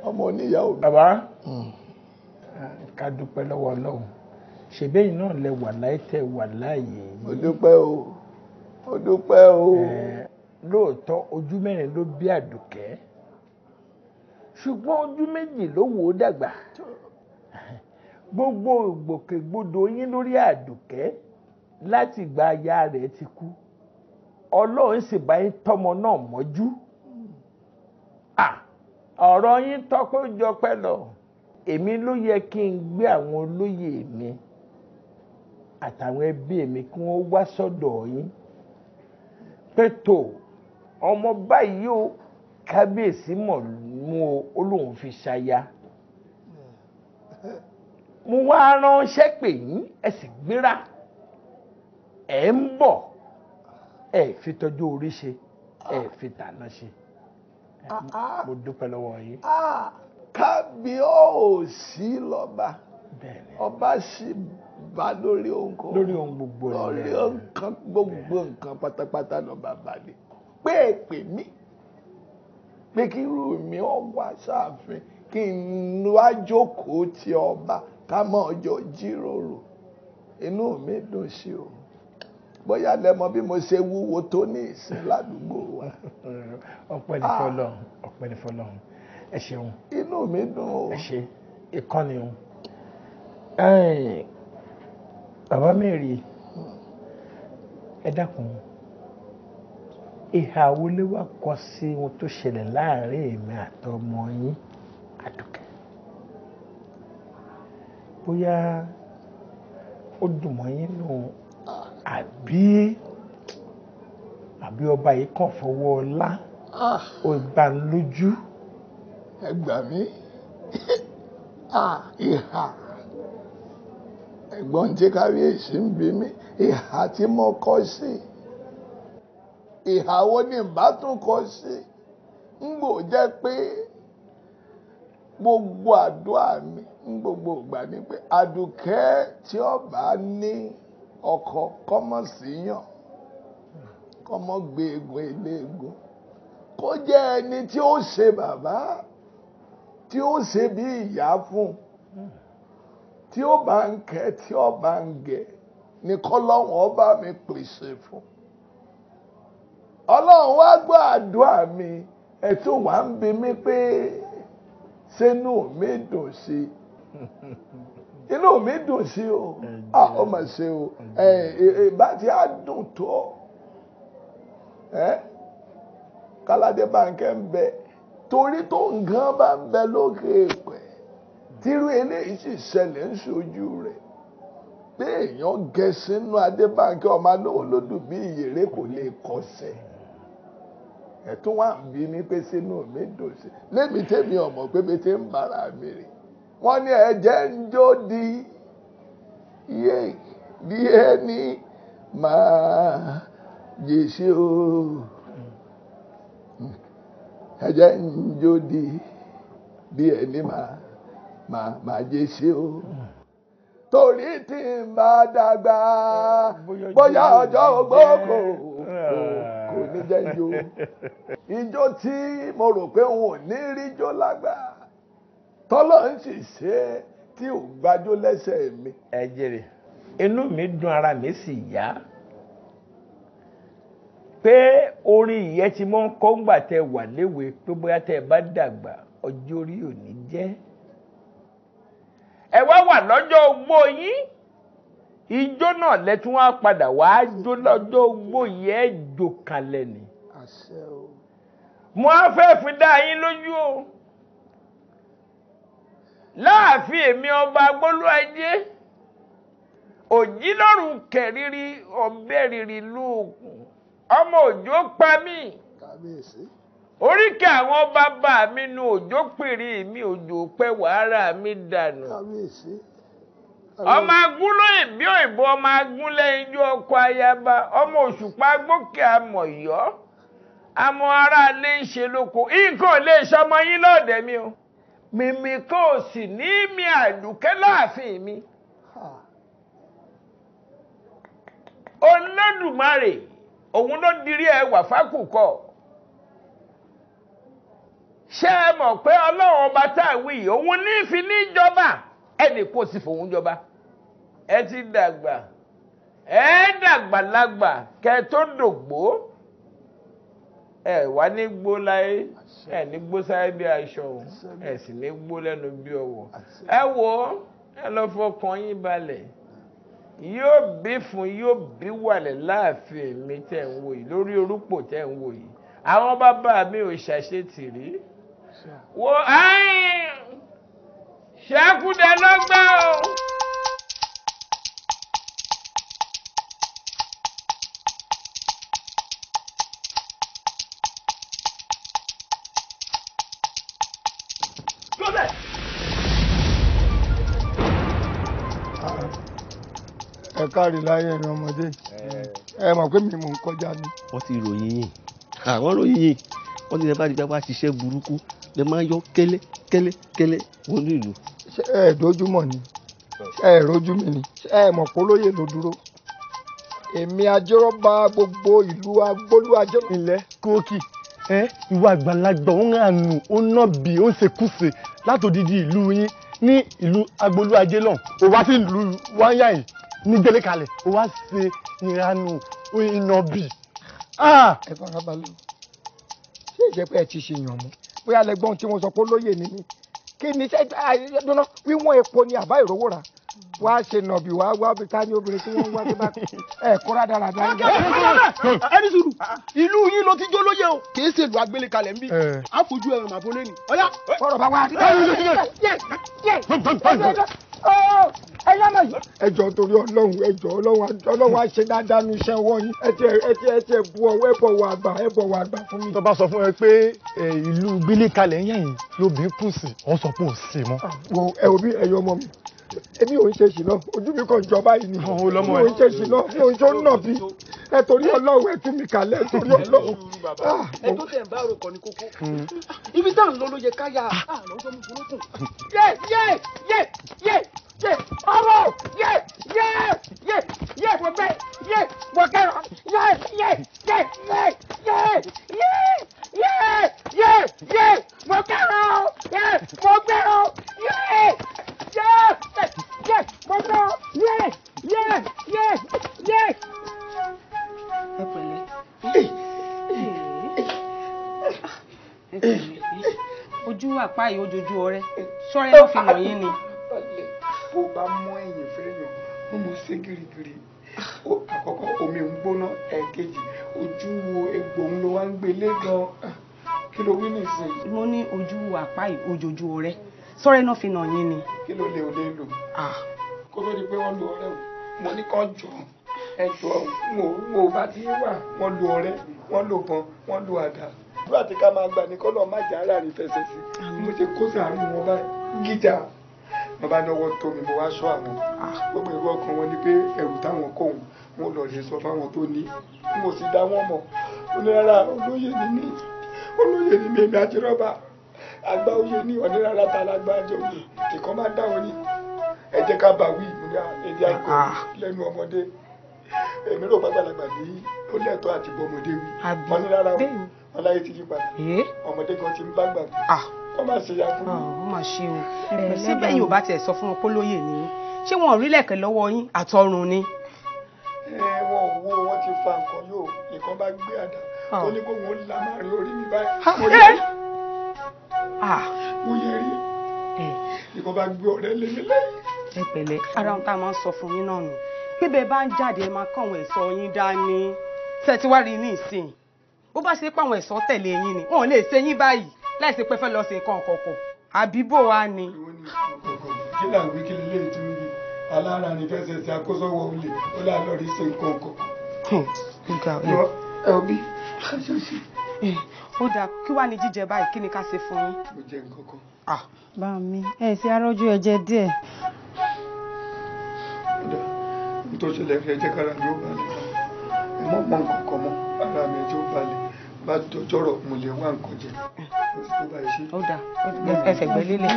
ọmọ oníyàwó. bàbá hmm. ká dúpẹ́ lọ́wọ́ ọlọ́run ṣèbẹ́yìn náà lẹ wà láì tẹ wà láàyè. mo dúpẹ́ o mo dúpẹ́ o. lóòótọ́ ojú mẹ́rin ló bí àdùkẹ́ ṣùgbọ́n ojú méjì ló wò ó dàgbà gbogbo ìgbòkègbodò yín lórí àdùkẹ́ láti ìgbà ya rẹ̀ ti kú ọlọ́run sì bá yín tọmọ náà mọ́jú ọ̀rọ̀ yín tọ́pẹ́ jọpẹ́ lọ èmi ló yẹ kí n gbé àwọn olóyè mi àtàwọn ẹbí mi kí wọ́n wá sọ́dọ̀ yín pẹ̀tọ́ ọmọ báyìí ó kábíyèsí mọ̀ mú o ó lóun fi ṣaya mo wá ránṣẹ́ pè yín ẹ sì gbéra ẹ̀ ń bọ̀ ẹ̀ fi tọ́jú orí ṣe ẹ̀ fi tàná ṣe ah, ah. mo dúpẹ́ lọ́wọ́ yín. Ah. kábíyèsí lọ́ba ọba sì bá lórí ohun kan lórí ohun gbogbo rẹ lórí ohun kan gbogbo nǹkan pátápátá lọ́ba balẹ̀ pé èpè mi pé kí irú mi ọ wá sáàfin kí n wá jókòó ti ọba ká mọ̀ ọjọ́ jíròrò inú mi dùn sí o bóyá lẹ́mọ bí mo ṣe wúwo tó ní ìsìn ládùúgbò wa. ọpẹ́ ní ah. fọ́lọ́run ọpẹ́ ní fọ́lọ́run ẹ ṣeun. inú mi dùn o. ẹ ṣe ìkànnì o. bàbá mẹ́rin ẹ dákun ìhà wo ló wá kọ sí ohun tó ṣẹlẹ̀ láàrin èmi àtọmọ yín àdùkẹ́ bóyá ó dùn mọ́ yín nù. No àbí àbí ọba yìí kàn fọwọ́ ọlá ah. ó gbà ń lójú. ẹ gbà mí ah, ìhà ẹ̀gbọ́n tí kábíyèsí ń bí mi ìhà tí mo kọ́ sí ìhà wo ni bá tún kọ́ sí ń gbò jẹ́ pé gbogbo àdúrà mi ń gbogbo ìgbà ni pé àdùkẹ́ tí ọba ní. Ni ọkọ kọ́mọ síyàn kọ́mọ gbé egun eléegun kó jẹ́ ẹni tí ó ṣe bàbá tí ó ṣe bí ìyá fún tí ó bá ń kẹ́ tí ó bá ń gẹ̀ ní kọ́lọ́hún ọba mi pèsè fún ọlọ́run wá gbọ́ àdúrà mi ẹ̀ wá ń bi mí pé sínú mi dùn sí i. inú mi dùn sí o ah ó mà ṣe o ìbá tí a dùn tó káládé báńkẹ́ ń bẹ torí tó nǹkan bá ń bẹ lókè èèpẹ̀ tírú eléyìí sì ṣẹlẹ̀ ń ṣojú rẹ̀ pé èèyàn gẹ sínú adébáńkẹ́ ọmọ alówó lódù bí ìyèrè kò lè kọsẹ̀ ẹ̀tún wà ń bí ní pé sínú mi dùn sí lébi tèmi ọmọ pé bẹ́tẹ̀ ń bára mi rè wọ́n ní ẹ̀jẹ̀ ń jó di yé bí ẹni máa jèṣe o ẹ̀jẹ̀ ń jó di bí ẹni máa máa máa jèṣe o torí tí n bá dàgbà bóyá ọjọ́ ogbó kò kò ní jẹ́ jó ijó tí mo rò pé n ò ní rí jó lágbàá tọ́lọ́ ń sì ṣe é tí ò gbájú lẹ́sẹ̀ mi. ẹ jèrè inú mi dùn ara mi sì yá pé orin ìyẹn ti mọ́ ń kọ́ ńgbà tẹ wà léwe pé bóyá tẹ bá dàgbà ọjọ́ orí ò ní jẹ́ ẹ wá wà lọ́jọ́ ogbó yín ijó náà lẹ́tún wá padà wá jó lọ́jọ́ ogbó yìí jò kalẹ̀ ni. mo á fẹ́ fi dá yín lójú o láàfin èmi ọba gbólú ajé òjìlọ́rùn kẹ̀rírí ọ̀bẹ́rìrì lóògùn ọmọ òjò pa mí oríkì àwọn bàbá mi nu òjò pèrè mi òjò pẹ́ wàhálà mi dànù ọmọ agún ló ìbí òyìnbó ọmọ agún lẹ́yìn ju ọkọ ayaba ọmọ òṣùpá gbókè amọ̀yọ́ amọ̀ ara lè ń ṣe lóko nǹkan ò lè ṣọmọ yín lọ́ọ̀dẹ̀ mi o mímí kò sì ní mi àdùkẹ́ láàfin mi. olódùmarè òun ló dirí ẹwà fákùkọ ṣé ẹ mọ̀ pé ọlọ́run ọba tá a wí òun ní fi ní jọba ẹnì kò sì fòun jọba ẹ ti dàgbà ẹ dàgbàlagbà kẹ tó dògbò ẹ wá ní gbó láyé ẹ ní gbó sáyé bí aṣọ o ẹ sì ní gbó lẹ́nu bí ọwọ́ ẹ wo ẹ lọ fọkàn yín balẹ̀ yóò bí fún yóò bí wàlẹ̀ láàfin mi tẹ̀ ń wò yìí lórí orúkọ tẹ̀ ń wò yìí àwọn bàbá mi ò ṣàṣetì rí wo ṣàkúdẹ lọ́gbà o. ẹ káàrí láyé ẹ̀yin ọmọdé ẹ mọ̀ pé mi mò ń kọjá ni. wọ́n ti ròyìn yìí àwọn ròyìn yìí wọ́n ti bá dìgbà wá ṣiṣẹ́ burúkú lè máa yọ kélé kélé kélé wọn ìlú. ṣé ẹ dojúmọ̀ ni ẹ rojú mi ni ẹ mọ̀ pé olóyè ló dúró èmi ajọ́rọ́bá gbogbo ìlú agbólú ajọ́rọ́. ilẹ̀ kókì ẹ ìwà àgbàlagbà ó ń rànù ó ń nàbì ó ń ṣekúṣe látòdìdí ìlú yín ní ìlú agbolú ajé náà sí ìlú wáyà yìí ní gbélé kalẹ̀ ó wá ṣe ìranù ìnàbì. ẹ fara balẹ̀ ṣé ìjẹ́pẹ́ ẹ ti ṣe yàn mú bóyá lẹ gbọ́n tí wọ́n sọ pé olóyè ni mí kí ni ṣe dúná wíwọ́n epo ni àbá ìrówó ra wá ṣe nàbì wá wá bí ká ní obìnrin tí wọ́n ń wá bí bá ẹ kóra dára dára. ẹni sùúrù ìlú yín ló ti jó lóye o kì í ṣe ìlú agbélé kalẹ̀ ń bí àfojú ẹ̀rọ màbọ́lé ni ọ̀yá. ọ̀rọ̀ bá wà á ti dá ẹjọ torí Ọlọ́run ẹjọ Ọlọ́run Ọlọ́run á ṣe dáadáa nu iṣẹ́ ọwọ́ yín ẹtì ẹtì ẹtì ẹbù ọwọ́ ẹbọ wà àgbà ẹbọ wà àgbà fún mi. tó bá sọ fún ẹ pé ìlú gbélé-kalẹ̀ ń yẹ̀yìn lóbi kù sí wọ́n sọ pé ò sí mọ́. Ah, wo ẹ òbí ẹyọ ọmọ mi èmi ò ń ṣe sí lọ ojú mi kàn jọba yìí ni mi ń ṣe sí lọ mi ń ṣe ń nà bí ẹ torí Ọlọ́run ẹ tú mi kalẹ̀ ẹ torí Ọlọ́run. Ah, ẹ tó tẹ̀ ń bá rò kọ́ kókó hmm. ah, ibi tá à ń lọ ló yẹ ká yà á lọ́jọ́ burúkú. yé yé yé yé yé ọwọ́ yé yé yé yé mo gbé yé mo kẹrọ yé yé yé yé yé yé yé yé yé mo kẹrọ yé mo gbẹrọ yé yé yé mo gbẹrọ yé yé yé yé. ẹ boy. ojú àpá yìí ojojú ọ̀rẹ́ sọ̀rẹ́ ló fi mọ yín ni bó bá mọ́ ẹ̀yìn fẹ́yàn wọ́n mọ̀ ṣe gírígírí àkọ́kọ́ omi ń gbóná ẹ̀ẹ̀kejì ojú wo egbò ń wá ń gbélé gan kí ló wí nìsín. mo ní ojú àpá yìí ojoojú ọ̀rẹ́ sọ̀rọ̀ iná fi nà yín ni. kí ló lè o lò kó tó di pé wọ́n lu ọ̀rẹ́ mo ní kàn jọ ẹ jọ mo mo bá ti wà wọ́n lu ọ̀rẹ́ wọ́n lu bọn wọ́n lu àdá àdúrà tí ká máa gbà ní kọ́lọ́ má jà ara rẹ̀ fẹsẹ̀ sí mo ṣe kó sàánú wọn báyìí gíga wọn bá náwó tó mi mo wá ṣọ́ àwọn gbogbo ìwé ọkàn wọn ni pé ẹrù táwọn kó wọn wọn lọ lè sọ fáwọn tó ní mo sì dá wọn mọ̀ onírara olóyè ni mí olóyè ni mí èmi àti rọ́bà àgbà oyè ni onírara ta lágbá jẹ òye ìkan máa dá wọn ni ẹ jẹ́ ká bá wí ìmúlẹ èdè àgọ lẹ́nu ọmọdé èmi rò pàgbàlagbà ní ó lẹ́tọ́ àti bọmọdé wí onírara wọn láyé ti yí padà eh? ọmọdé kan ti ń bá gbàgbé. Ah kọ́ ah, máa ṣe ìyá fún mi. ó mà ṣe o eh, síbẹ̀ yìí ò bá tiẹ̀ sọ fún wọn pólóyè ni ṣé wọn ò rí lẹ̀kẹ̀ lọ́wọ́ yín àtọrùn ni. ẹ wọn ò wo wọn ti fa nǹkan yóò nǹkan bá gbé àdá ah. ó ní kó wọn la máa rí orí mi báyìí eh! ah. mo yẹ rí mo yẹ rí nǹkan bá gbé ọ̀rẹ́ lé mi lẹ́yìn. ẹ pẹ̀lẹ́ ara ohun tá a máa ń sọ fún yín náà nù bíbẹ̀ bá ń jáde ẹ máa káwọn ẹ̀ṣọ́ yín dání tẹ́tíwárí ní ìsìn bó bá ṣe pàwọn ẹ̀ṣọ́ tẹ̀lé yín ni wọn ò lè ṣe yín báyìí láìsí pé fẹ́ lọ sí nǹkan ọ̀kọ̀ọ̀kọ̀ àbíbò wa ni. kí là ń wí kí lè tún yí alára ni fẹsẹ̀ sí akóṣọ́wọ́ olè ó là lọ rí sí nǹkan ọ̀kọ̀. ọgá ọ ẹ bí kájọ sí. ó dáa kí wàá ní jíjẹ báyìí kí ni ká ṣe fún yín. mo jẹ nǹkan kan. bá mi ẹ ṣe arójú ẹ̀jẹ̀ díẹ̀. nítorí ṣẹlẹ̀ fi ẹ̀jẹ̀ kára mi ó balẹ̀ ẹ mọ̀ mọ́ nǹkan kan mọ́ ara mi ẹ̀jẹ̀ ó balẹ̀ bá dọjọ́rọ̀ mo lè wá nǹkan jẹ. ó dà ẹsẹ̀ gbẹ lílẹ̀.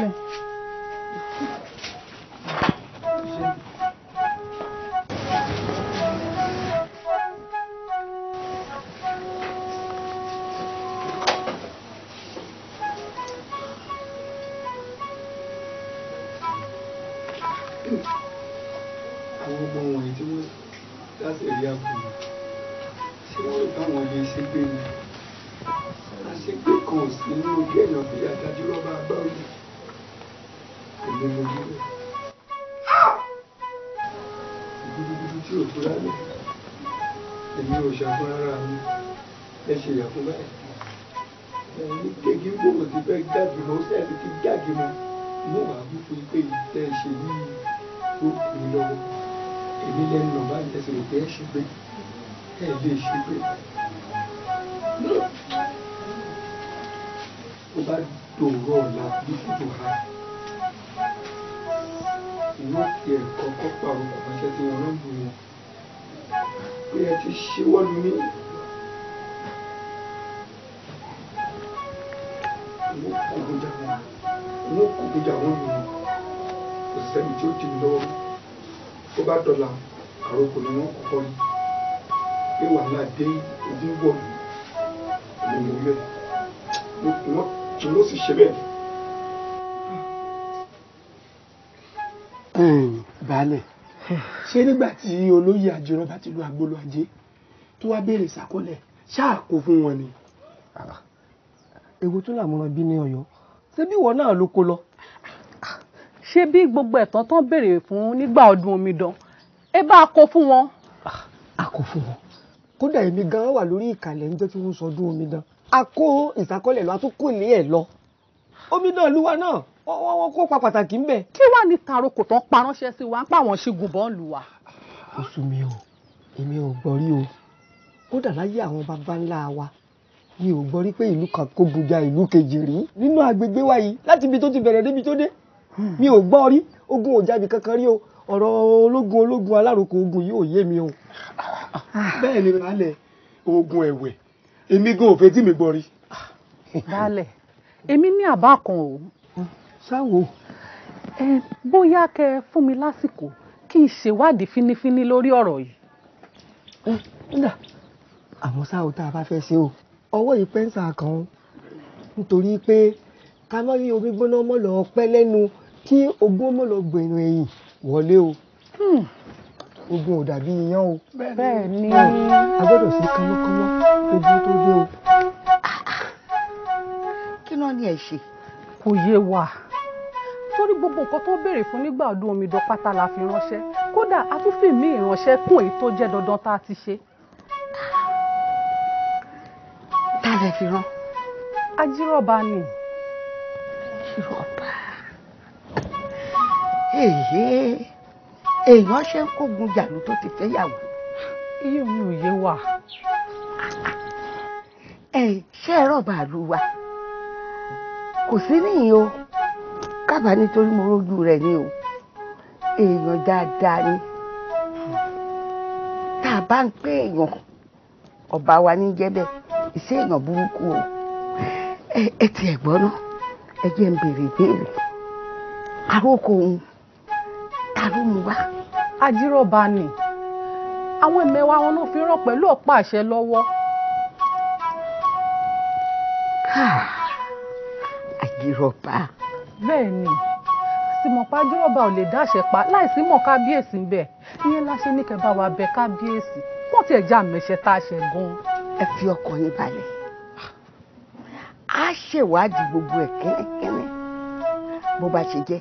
àwọn ọmọ wọ̀nyí tí wọ́n dá sí ẹ̀rí àpò ṣé wọ́n bá wọn lè ṣe gbé ni ṣe pé kò sí ní ojú èèyàn bí adájú lọ́ máa bá òye èmi mo rí rẹ̀ ìdúdúdúdú tí ò lálẹ́ èmi ò ṣàfún ara mi ẹ ṣe ìyàfún báyìí ẹni kéèké gbòòrò ti fẹ́ jáde lọ sí ẹni jáde mọ́ mo wà á fún pé ìtẹ́ ṣe yìí ó kù lọ́wọ́ èmi lẹ́nu lọ bá ń tẹ̀sí rò pé ẹ ṣe pé ẹ lè ṣe pé tó bá dòwúrọ̀ ọ̀la bísí tó ha wọ́n ti ẹ̀kọ́ kọ́ pàrọ̀ àṣẹ tí wọ́n lọ́gbù wọn pé ẹ ti ṣíwọ́ lu mí. wọ́n kò gbọ́dọ̀ wọn wọ́n kò gbọ́dọ̀ wọn lù wọn kò sẹ́ni tí ó ti lọ́wọ́ tó bá dọ̀la àròkò ni wọ́n kọ́kọ́ rí pé wàhálà dé ojú wọ̀ ni mo mẹ́ wọ́n tí ló sì ṣe bẹ́ẹ̀. baálẹ̀ ṣé nígbà tí olóyè àjọrọba ti lu àgbolo ajé tó wá béèrè ìsàkọlẹ̀ ṣáà kó fún wọn ni. èwo ah, tún làmúran bí ní Ọ̀yọ́ ṣé bí ìwọ náà ló kó lọ. ṣé bí gbogbo ẹ̀tọ́ tán béèrè fún nígbà ọdún omidan ẹ bá a kó fún wọn. Ah, a kó fún wọn kódà èmi gan wà lórí ìkàlẹ̀ níjọ́ tí wọ́n sọ ọdún omidan a kó ìṣàkọọ́lẹ̀ lọ a tún kó ilé ẹ̀ lọ omi náà lúwa náà wọ́n kó pa pàtàkì ńbẹ̀. kí wàá ní tàrokò tán paránṣẹ́ sí wa ń pa àwọn ṣígun bọ́ọ̀ lù wá. oṣù mi ò èmi ò gbọ́ rí o kódà láyé àwọn baba ńlá wa mi ò gbọ́ rí pé ìlú kan kó bujà ìlú kejì rí nínú agbègbè wa yìí láti ibi tó ti bẹ̀rẹ̀ débi tó dé mi ò gbọ́ rí ogun ò jáde kankan rí o ọ̀rọ̀ ológun ológun alárokò ogun yìí ò yé mi o ah. bẹ́ẹ̀ ni balẹ̀ ogun ẹ̀wẹ̀ èmi gan ò fetí mi gbọ́ rí. baálẹ̀ èmi ni àbá kan o. sáwo. ẹ bóyá kẹ fún mi lásìkò kí n ṣèwádìí fínífíní lórí ọ̀rọ̀ yìí. ẹ nígbà àwọn sáwo tá a bá fẹ́ ṣe o ọwọ́ yìí pẹ́ńsà kan o nítorí pé ká má rí omi gbóná mọ́ lọ́ọ́ pẹ́ lẹ́nu kí ogún mọ́ lọ́ọ́ gbẹ̀rù ẹ̀yìn wọlé o. Hmm ogun ò dàbí iyán o bẹ́ẹ̀ ni a gbọ́dọ̀ sí kánmọ́kánmọ́ ogun tó dé o. kí náà ni ẹ ṣe. kò yé wa torí gbogbo nǹkan tó béèrè fún nígbà ọdún omidan pátá la fi ránṣẹ́ kódà a tún fi mí ìránṣẹ́ kún èyí tó jẹ́ dandan tá a ti ṣe. tá a lè fi rán. ajírọ̀bá ni. ajírọ̀bá. èyí. hey. èèyàn ṣe ń kógun jàlú tó ti fẹ́ yàwó. iye mi ò yé wa. ẹ ṣe é rọ̀ wa kò sí nìyí o kábà nítorí mo rójú o èèyàn dáadáa ni tá a bá ń pé èèyàn ọba wa ní jẹ́bẹ̀ èèyàn o ẹ ti ajíròba nì àwọn ẹ̀mẹ̀wà wọn ló fi rán pẹ̀lú ọ̀pá àṣẹ lọ́wọ́. Ah, ajíròba. bẹ́ẹ̀ ni àtìmọ̀pá ajíròba ò lè dáṣẹ pa láìsí mọ̀ kábíyèsí ń bẹ ìyẹn láṣẹ ní kẹba wa bẹ kábíyèsí wọ́n ti ẹ̀já mẹ́ṣẹ́ tá a ṣe gan-an. ẹ fi ọkàn yín balẹ̀ á ṣèwádìí gbogbo ẹ̀ kẹ́lẹ́kẹ́lẹ́ bó bá ṣe jẹ́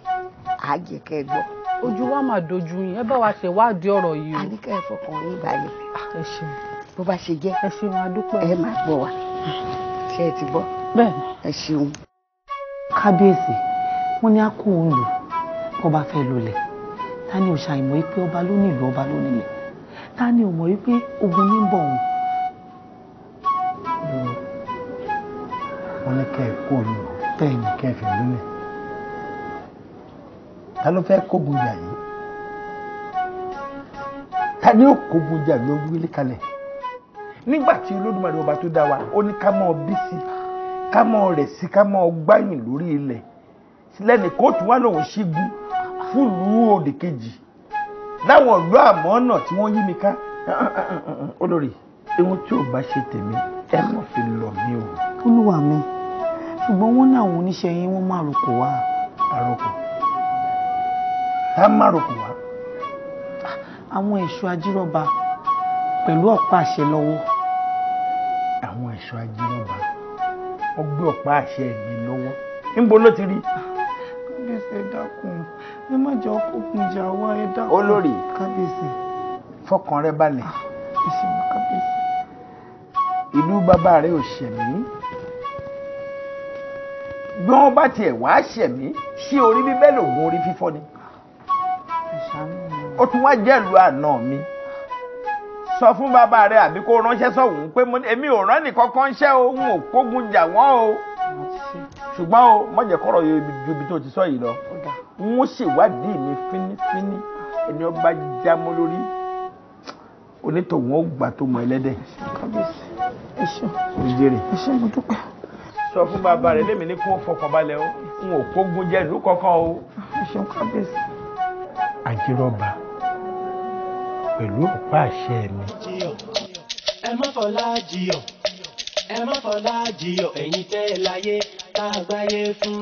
àá jẹ́ kẹ́ ẹ gbọ́ ojú wa máa dojú yín ẹ bá wa ṣèwádìí ọ̀rọ̀ yìí o. àníkẹ́ ẹ fọkàn yín balẹ̀. Ah, ẹ ṣeun. bó bá ṣe jẹ́ ẹ ṣeun adúpẹ́. ẹ máa gbọ́ wa ṣe é ti bọ́. bẹ́ẹ̀ni ẹ ṣeun. kábíyèsí wọn ní a kó òun lò kó bá fẹ́ lulẹ̀ ta ni òṣà ìmọ̀ wípé ọba ló ní ìlú ọba ló nílẹ̀ ta ni òmọ̀ wípé ogun ní bọ̀ òun. wọn ní kẹ́ ẹ kó òun lò bẹ́ẹ̀ ni kẹ́ ẹ fi lulẹ̀ ta ló fẹ́ kó bojà yìí ta ni ó kó bojà yìí ó wílé kalẹ̀ nígbà tí olódùmarè ọba tó dá wa ó ní ká mọ bí sí ká mọ rẹ̀ sí ká mọ gbáyìn lórí ilẹ̀ sílẹ̀ni kóòtù wà lòun ṣígun fúlùú òdì kejì láwọn ìlú àmọ́ náà tí wọ́n yí mi ká olórí ohun tí ò bá ṣe tèmi ẹ má fi lọ mí o. olúwa mi ṣùgbọ́n wọ́n ní àwọn oníṣẹ́ yín wọ́n máa rò kó wá. àròkọ tá a má ròkò wá. àwọn ẹ̀ṣọ́ ajírọ́ba pẹ̀lú ọ̀pá àṣẹ lọ́wọ́. àwọn ẹ̀ṣọ́ ajírọ́ba ọgbẹ́ ọ̀pá àṣẹ mi lọ́wọ́ níbo ló ti rí. kábíyèsí ẹ dákun ẹ má jẹ́ ọkùnkùn ìjà wa ẹ dákun. olórí kábíyèsí. fọkàn rẹ balẹ̀. Ah, ẹ ṣeun kábíyèsí. ìlú bàbá rẹ ò ṣẹ̀mí bí bá tiẹ̀ wá ṣẹ̀mí sí orí bíbẹ́ lògùn orí fífọ́ ni ó tún wá jẹ́lu àná mi sọ fún bàbá rẹ àbí kó ránṣẹ́ sọ̀hún pé èmi ò rán nìkan kan ṣẹ́ òun ò kógun jà wọ́n o ṣùgbọ́n o mọ̀jẹ̀ kọ́rọ̀ yóò ju ibi tó ti sọ yìí lọ n ó ṣèwádìí mi fínífíní ẹni ọba jámọ́ lórí onítọ̀hún ó gbà tó mọ ẹlẹ́dẹ̀. ojúrere sọ fún bàbá rẹ lèmi ní kó fọkànbalẹ̀ o n ò kógun jẹ́ ìlú kankan o. ẹ ṣeun kábíyèsí ajírọ́ba pẹ̀lú ọ̀pá àṣẹ mi. ẹ má fọlá jiyọ̀ ẹ má fọlá jiyọ̀ ẹ̀yin tẹ́ ẹ láyé tá a gbáyé fún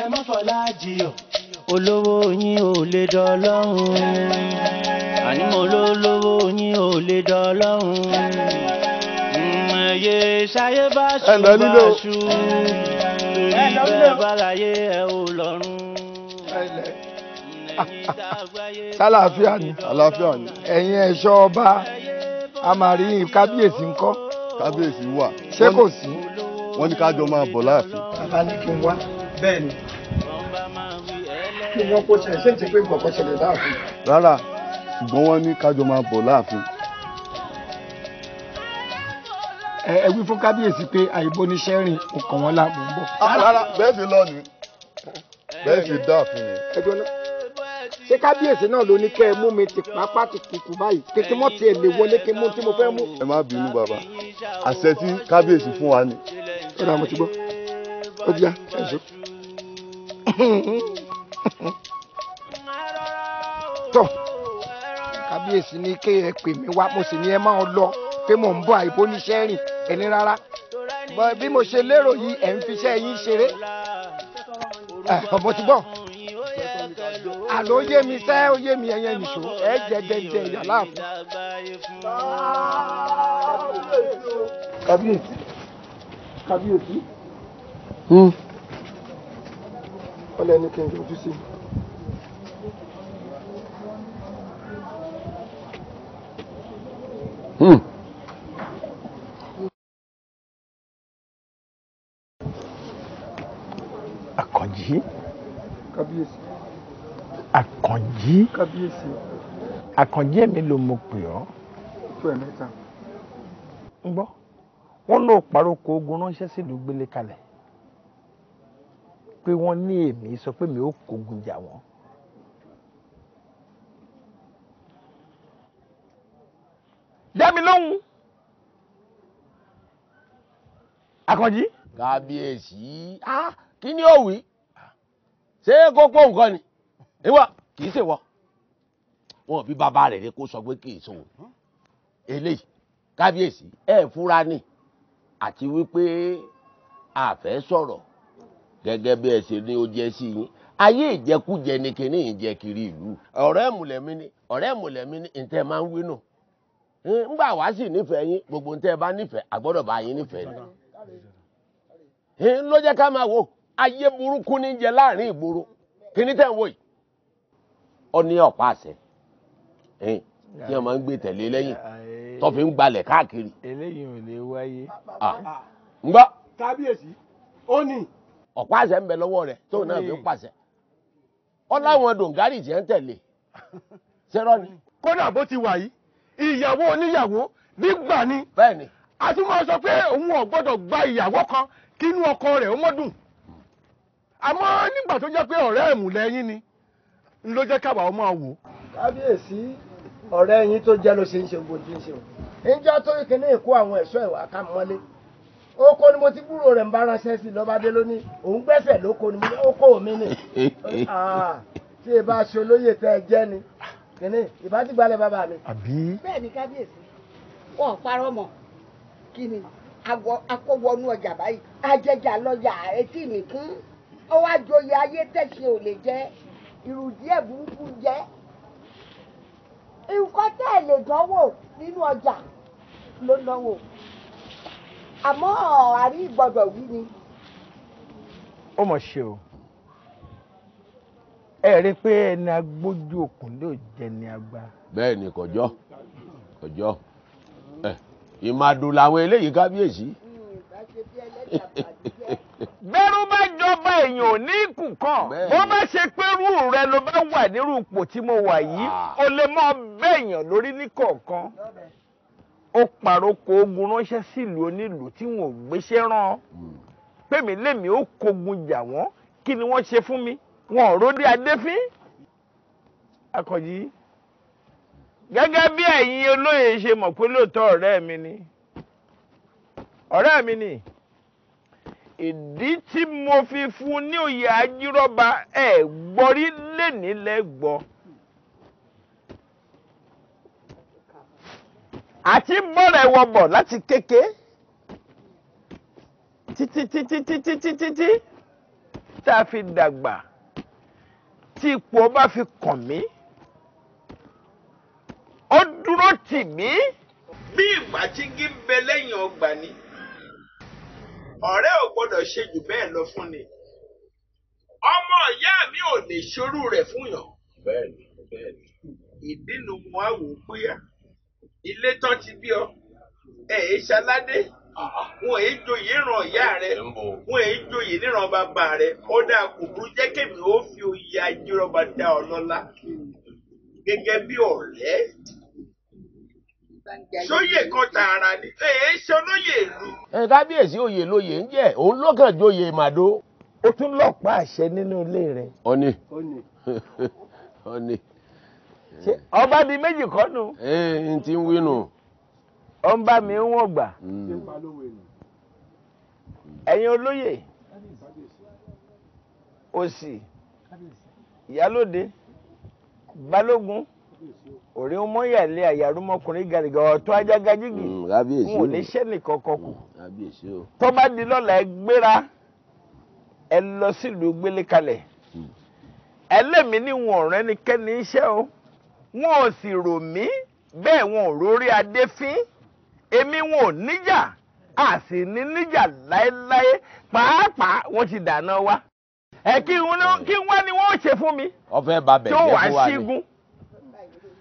ẹ má fọlá jiyọ̀ olówó yín ò lè dọ́lọ́run àní mo yín ò lè dọ́lọ́run mm, ẹ̀yẹ ṣayé bá ṣù bá ṣù bẹ́ẹ̀ bá láyé ẹ̀ o sálàáfíà ni àlàáfíà ni ẹ̀yin ẹ̀ṣọ́ ọba a máa rí yín kábíyèsí ńkọ́. kábíyèsí wà ṣé kò sí. wọ́n ní ká jọ máa bọ̀ láàfin. bàbá ní kí n wá bẹ́ẹ̀ ni kí wọ́n kó ṣẹlẹ̀ ṣé n ti pé gbọ̀ngàn ṣẹlẹ̀ láàfin. rárá ṣùgbọ́n wọ́n ní ká jọ máa bọ̀ láàfin. ẹ wí fún kábíyèsí pé àìbó ní sẹ́rìn ọkàn wọn làbò ń bọ̀. Ah, rárá bẹ́ẹ̀ sì lọ ni bẹ́ẹ̀ sì dáàfin ni ṣé kábíyèsí náà ló ní kẹ́ ẹ mú mi ti pápá ti kùkù báyìí kìkì mọ́ tiẹ̀ lè wọlé kí mú tí mo fẹ́ mú. ẹ má bínú bàbá àṣẹ tí kábíyèsí fún wa ni. ó dà mo ti gbọ́ ó di ya ẹ jọ. tọ́ kábíyèsí ní kí ẹ pè mí wá mo sì ní ẹ máa lọ pé mò ń bọ̀ àìbó níṣẹ́ rìn ẹni rárá bí mo ṣe lérò yìí ẹ̀ ń fiṣẹ́ yín ṣeré ọmọ ti gbọ́ àló yé mi sẹ́ ó yé mi ẹyẹ nìṣó ẹ jẹ dẹdẹ ìyàlá àfọ. kábíyèsí kábíyèsí ọlẹ́ni hmm. kí n yọjú sí i. Hmm. Àkànjí. Kábíyèsí àkànjí kábíyèsí àkànjí èmi ló mo pè ọ́. tó ẹ̀ mẹ́ta. ń gbọ́ wọ́n lọ pàrókò ogun ránṣẹ́ sílùú gbélé kalẹ̀ pé wọ́n ní èmi sọ pé mi ò kógun jà wọ́n. dẹ́mi lóhùn àkànjí. kábíyèsí ah, kí ni ó wí ṣé kókó nǹkan ni ìwọ kì í ṣèwọ wọn bí bàbá rẹ̀ rẹ̀ kó sọ pé kì í sòun eléyìí kábíyèsí ẹ fúra ní àti wípé a fẹ́ sọ̀rọ̀ gẹ́gẹ́ bí ẹ ṣe ní ó jẹ́ sí yín ayé ìjẹkújẹ ni kìíní ìjẹ kiri ìlú ọ̀rẹ́ mùlẹ̀mí ni ọ̀rẹ́ mùlẹ̀mí ni ntẹ máa ń wí nù ńgbà wá sí nífẹ̀ẹ́ yín gbogbo ntẹ bá nífẹ̀ẹ́ àgbọ́dọ̀ bá yín nífẹ̀ẹ́ ni ló jẹ́ ká máa wò ayé burúkú ní jẹ láàrin ìgboro kìíní tẹ̀ ń wò yìí ọ ní ọ̀pá àṣẹ tí wọn máa ń gbé tẹ̀lé lẹ́yìn tó fi ń gbalẹ̀ káàkiri. eléyìí ò lè wáyé. ń gbọ́. kábíyèsí ó ní. ọ̀pá àṣẹ ń bẹ lọ́wọ́ rẹ̀ tóun náà fi ń pàṣẹ. ọ láwọn dòǹgárì jẹ́ ń tẹ̀lé ṣẹ́rọ́ ni. kódà bó ti wà yìí ìyàwó oníyàwó nígbà ni. bẹ́ẹ̀ni. a tún máa sọ pé òun ò gbọ́dọ̀ gba ìyàwó kan kínú ọkọ rẹ̀ ó mọ́dún. àmọ́ nígbà tó jẹ́ pé ọ̀rẹ́ ẹ̀mùlẹ́yìn ni n ló jẹ́ káwa ọmọ wò. kábíyèsí ọ̀rẹ́ yín tó jẹ́ ló ṣe ń ṣe gbòdì ń ṣe o níjọ́ tó kíní ìkó àwọn ẹ̀ṣọ́ ìwà ká mọ́lé oko ni mo ti gbúrò rẹ̀ ń bá ránṣẹ́ sí lọ́ba dé lónìí òun gbẹ́sẹ̀ lóko ni oko mi nì tí ìbá aṣọ olóyè tẹ́ ẹ jẹ́ ni kíní ìbá ti gbalẹ̀ bàbá mi. bẹ́ẹ̀ ni kábíyèsí wọn ò parọ́ mọ́ kí ni akọwọnú ọjà báyìí ajẹjà lọ́jà etí mi kún ọwọ́ àjòyè ayé tẹ̀sí ò lè jẹ́ ìrùdí ẹ̀ burúkú jẹ́ nǹkan tẹ́ ẹ̀ lè dánwò nínú ọjà ló dánwò àmọ́ àrí gbọ́dọ̀ wí ni. ó mọ̀ ṣe o ẹ rí i pé ẹni agbójú òkun ló jẹ ní agba. bẹ́ẹ̀ ni kọjọ́ kọjọ́ ẹ ìmàdùn làwọn eléyìí kábíyèsí. Hmm, bẹ́rù bá jọba èèyàn ò ní ìkù kan bó bá ṣe pé rú rẹ ló bá wà nírú ipò tí mo wà yìí ah. o lè mọ bẹ́ẹ̀yàn lórí ní kọ̀ọ̀kan ó pàrokò ogun ránṣẹ́ sílùú onílùú tí wọn ò gbéṣẹ́ rán hmm. pèmí lèmi ó kogun jà wọ́n kí ni wọ́n ṣe fún mi wọn ò ròde adéfín akọ̀yí gẹ́gẹ́ bí ẹ̀yin olóyè ṣe mọ̀ pé lóòótọ́ ọ̀rẹ́ mi ni ọ̀rẹ́ mi ni ìdí tí mo fi fún ní òye ajírọ́ba ẹ̀ gbọ́rí lẹ́ni lẹ́gbọ́. àti bọ́rẹ̀ wọ bọ̀ láti kéke títí títí títí títí tí tá a fi dàgbà tí ipò ọba fi kàn mí ó dúró tì mí bí ìgbà tí gí ń bẹ lẹ́yìn ọgbà ni ọ̀rẹ́ ò gbọ́dọ̀ ṣe jù bẹ́ẹ̀ lọ fún ni ọmọ ìyá mi ò lè ṣorú rẹ̀ fún yàn. bẹ́ẹ̀ni bẹ́ẹ̀ni. ìdí nu mo á wò ó pé à ilé tán ti bí ọ ẹ ẹ ṣaládé ah. wọn èyí joyè ràn ìyá rẹ wọn èyí joyè níran bàbá rẹ ó dáa kò burú jẹ́ kémi ó fi oyè ajírọba dá ọ lọ́lá gẹ́gẹ́ bí ọ̀rẹ́ sóyè kan tààrà ní ẹ ẹ ṣe olóyè ìlú. ẹ kábíyèsí òye lóye ń jẹ òun lọ́kàn jóye màdó. ó tún lọ́pàá àṣẹ nínú ilé rẹ̀. ọ̀nì ọ̀nì. ọba di méjì kọ́ nù. ẹ ẹ n ti ń wínú. ó ń bá mi ń wọ̀n gbà. Mm. ẹ̀yin olóyè òsì ìyálòde balógun òrí ń mú yàlẹ àyàrúmọkùnrin gàrìgà ọtún ajágajigi mm, n ò ní ṣe nìkan kan kù mm, tó bá di lọ́la ẹ gbéra ẹ lọ sílùú gbélé kalẹ̀ mm. ẹlẹ́mìí ni wọn ọ̀rẹ́ ni kẹ́ni iṣẹ́ o wọn ò sì rò mí bẹ́ẹ̀ wọn ò rórí adé fín èmi wọn ò níjà a sì ní níjà láéláé pàápàá wọn ti dáná wa ẹ kí wọn ni wọn ò ṣe fún mi ọfẹ bàbẹ wàá ṣígun.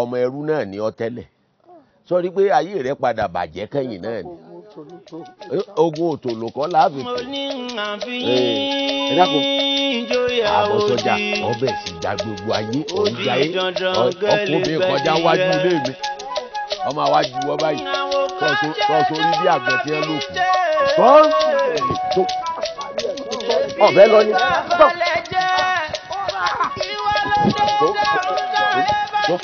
ọmọ ẹrú náà ní ọtẹlẹ sọrí pé ayé rẹ padà bàjẹ́ náà ni ogun òtòlò kan láàbì kù ẹ sọjà ọbẹ̀ sì gba gbogbo ayé òǹjà yé ọkùnrin kọjá wájú ilé mi ọmọ àwájú wọn báyìí orí bí àgbẹ̀ lọ.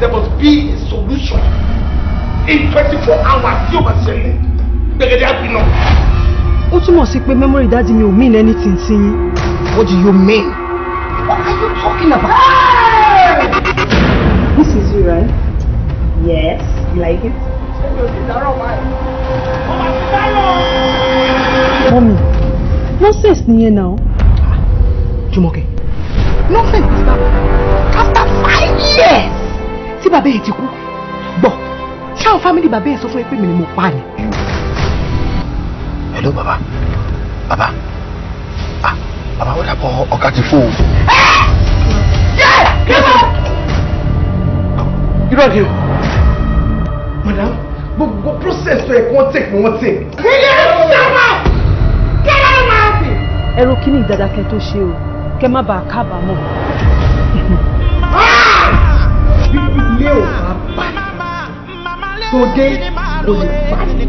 there must be a solution in twenty four hours tí o bá ṣẹlẹ̀ gbẹ̀gẹ̀dẹ̀ àbínú. ó túmọ̀ sí pé memory dáàdi mi ò mean anything sí yín. what do you mean? what are you talking about? Hey! this is you right? yes you like it. Mommy nonsense nìyẹn náà. Jùmọ̀kẹ́ nonsense ti Baba. after five years tí Baba yẹn ti kú gbọ́ ṣé àwọn Baba bàbá yẹn sọ fún ẹ pé mi ni mo pa ni. hello Baba. Baba. ah Baba ó dàbọ̀ ọ̀gá ti fún o. irọ́ ni o madam gbogbo process tó yẹ kí wọ́n take ni wọ́n take ẹrù kíní ìdàdàkẹ́ tó ṣe o kẹ́ má bàa kábàámọ̀. bí ilé ò bá bà tó dé o lè bà bẹ́ẹ̀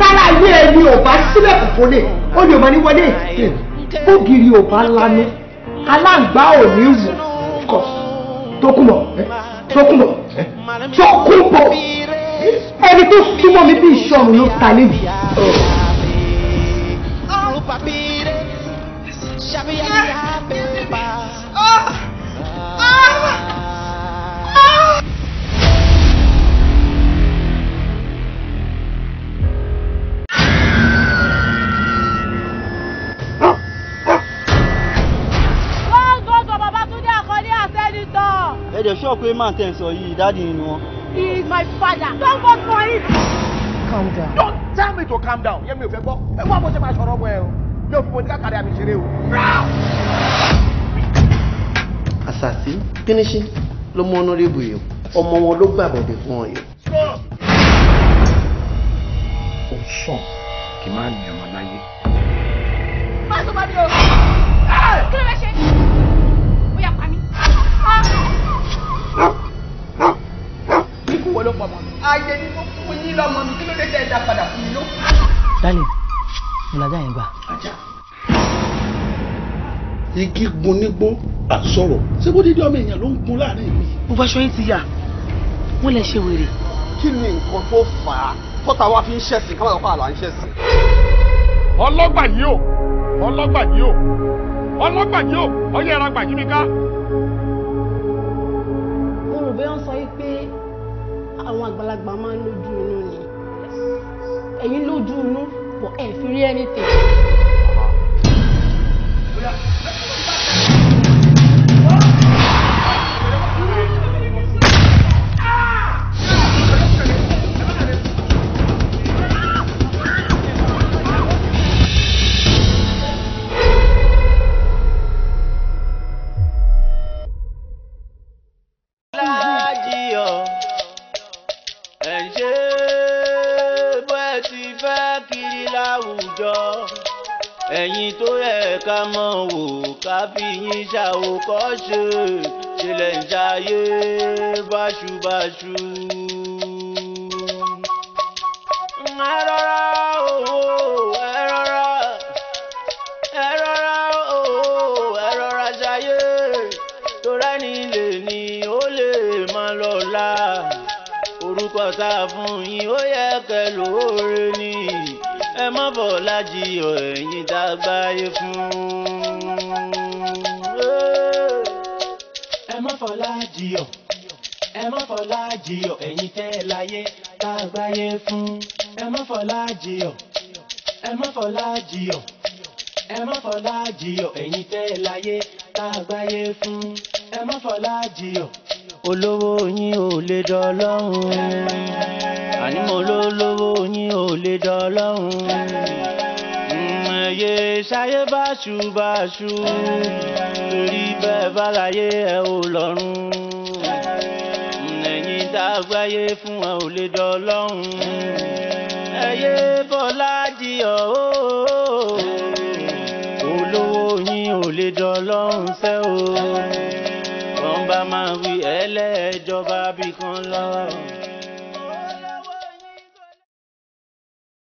tára ilé ẹni ò bá sílẹ̀kùn fólè ó ní o máa ní wọlé bógiri ò bá lanu aláǹgbá ò ní wù kọ tókùnbọ tókùnbọ tókùnbọ ẹni tó súnmọ́ mi bí ìṣọ́run ló ta léwu. pé máa tẹ̀ ń sọ yìí dáàdì ni wọn. he is my father. don't go for him. calm down. don't tell me to calm down. yẹ́n mi ò fẹ́ gbọ́ ẹ wá bó ṣe máa sọ̀rọ̀ ọmọ ẹ o mi ò fi bọ̀ ní káàkiri àmì ìṣeré o. àṣàṣì pínísì ló mú ọ̀nàrẹ́bù yìí ọmọ wọn ló gbàbọ̀dẹ̀ fún ọ yìí. ó sàn kì í máa ní ọmọ láyé. má sọ bá mi o. kí ló fẹ́ ṣe. ìwọ ló pọmọ mi. ayé ni mo fún yín lọ́mọ mi kí ló dé tẹ́ ẹ dá padà fún mi ló. dálẹ̀ mo lajà yẹn gbà. igi gun nígbó àsọ̀rọ̀ ṣé bó dídí ọmọ èèyàn ló ń gun láàrin mi. gbogbo aṣọ yín ti yà wọ́n lè ṣe wèrè. kí ni nǹkan tó fà á tọ́ta wa fi ń ṣẹ̀sìn káwọn ọ̀pá àlọ́ à ń ṣẹ̀sìn. ọlọ́gbà yìí o ọlọ́gbà yìí o ọlọ́gbà yìí o ọyẹ́ ẹ̀rọ gbàjí àgbàlagbà máa ń lójú inú ni ẹ̀yin lójú inú but ẹ̀ fi rí anything. fi yín ṣàwòkọ́ṣe ṣẹlẹ̀ ń ṣayé báṣubàṣu. ẹ rọra o ẹ rọra ẹ rọra o ẹ rọra lóore ni ẹ má bọ̀ lájì ẹ̀yìn dágbáyé fún. fọlá jiyọ̀ ẹ má fọlá jiyọ̀ ẹ̀yin tẹ́ ẹ láyé tá a gbáyé fún ẹ má fọlá jiyọ̀ ẹ má fọlá jiyọ̀ ẹ má fọlá jiyọ̀ ẹ̀yin tẹ́ ẹ láyé tá a gbáyé fún ẹ má fọlá olówó yín ò lè dọ́lọ́hún àní mo yín ò lè dọ́lọ́hún ẹyẹ ṣayé báṣubàṣu torí bẹ́ẹ̀ bá láyé ẹ ò lọ́rùn ẹ̀yin tá a gbáyé fún ẹ ò lè dọ́lọ́run ẹyẹ bọ́lá di ọ̀hó olówó yín ò lè dọ́lọ́run ṣẹ́ o wọ́n bá máa wí ẹlẹ́ẹ̀jọba bí kan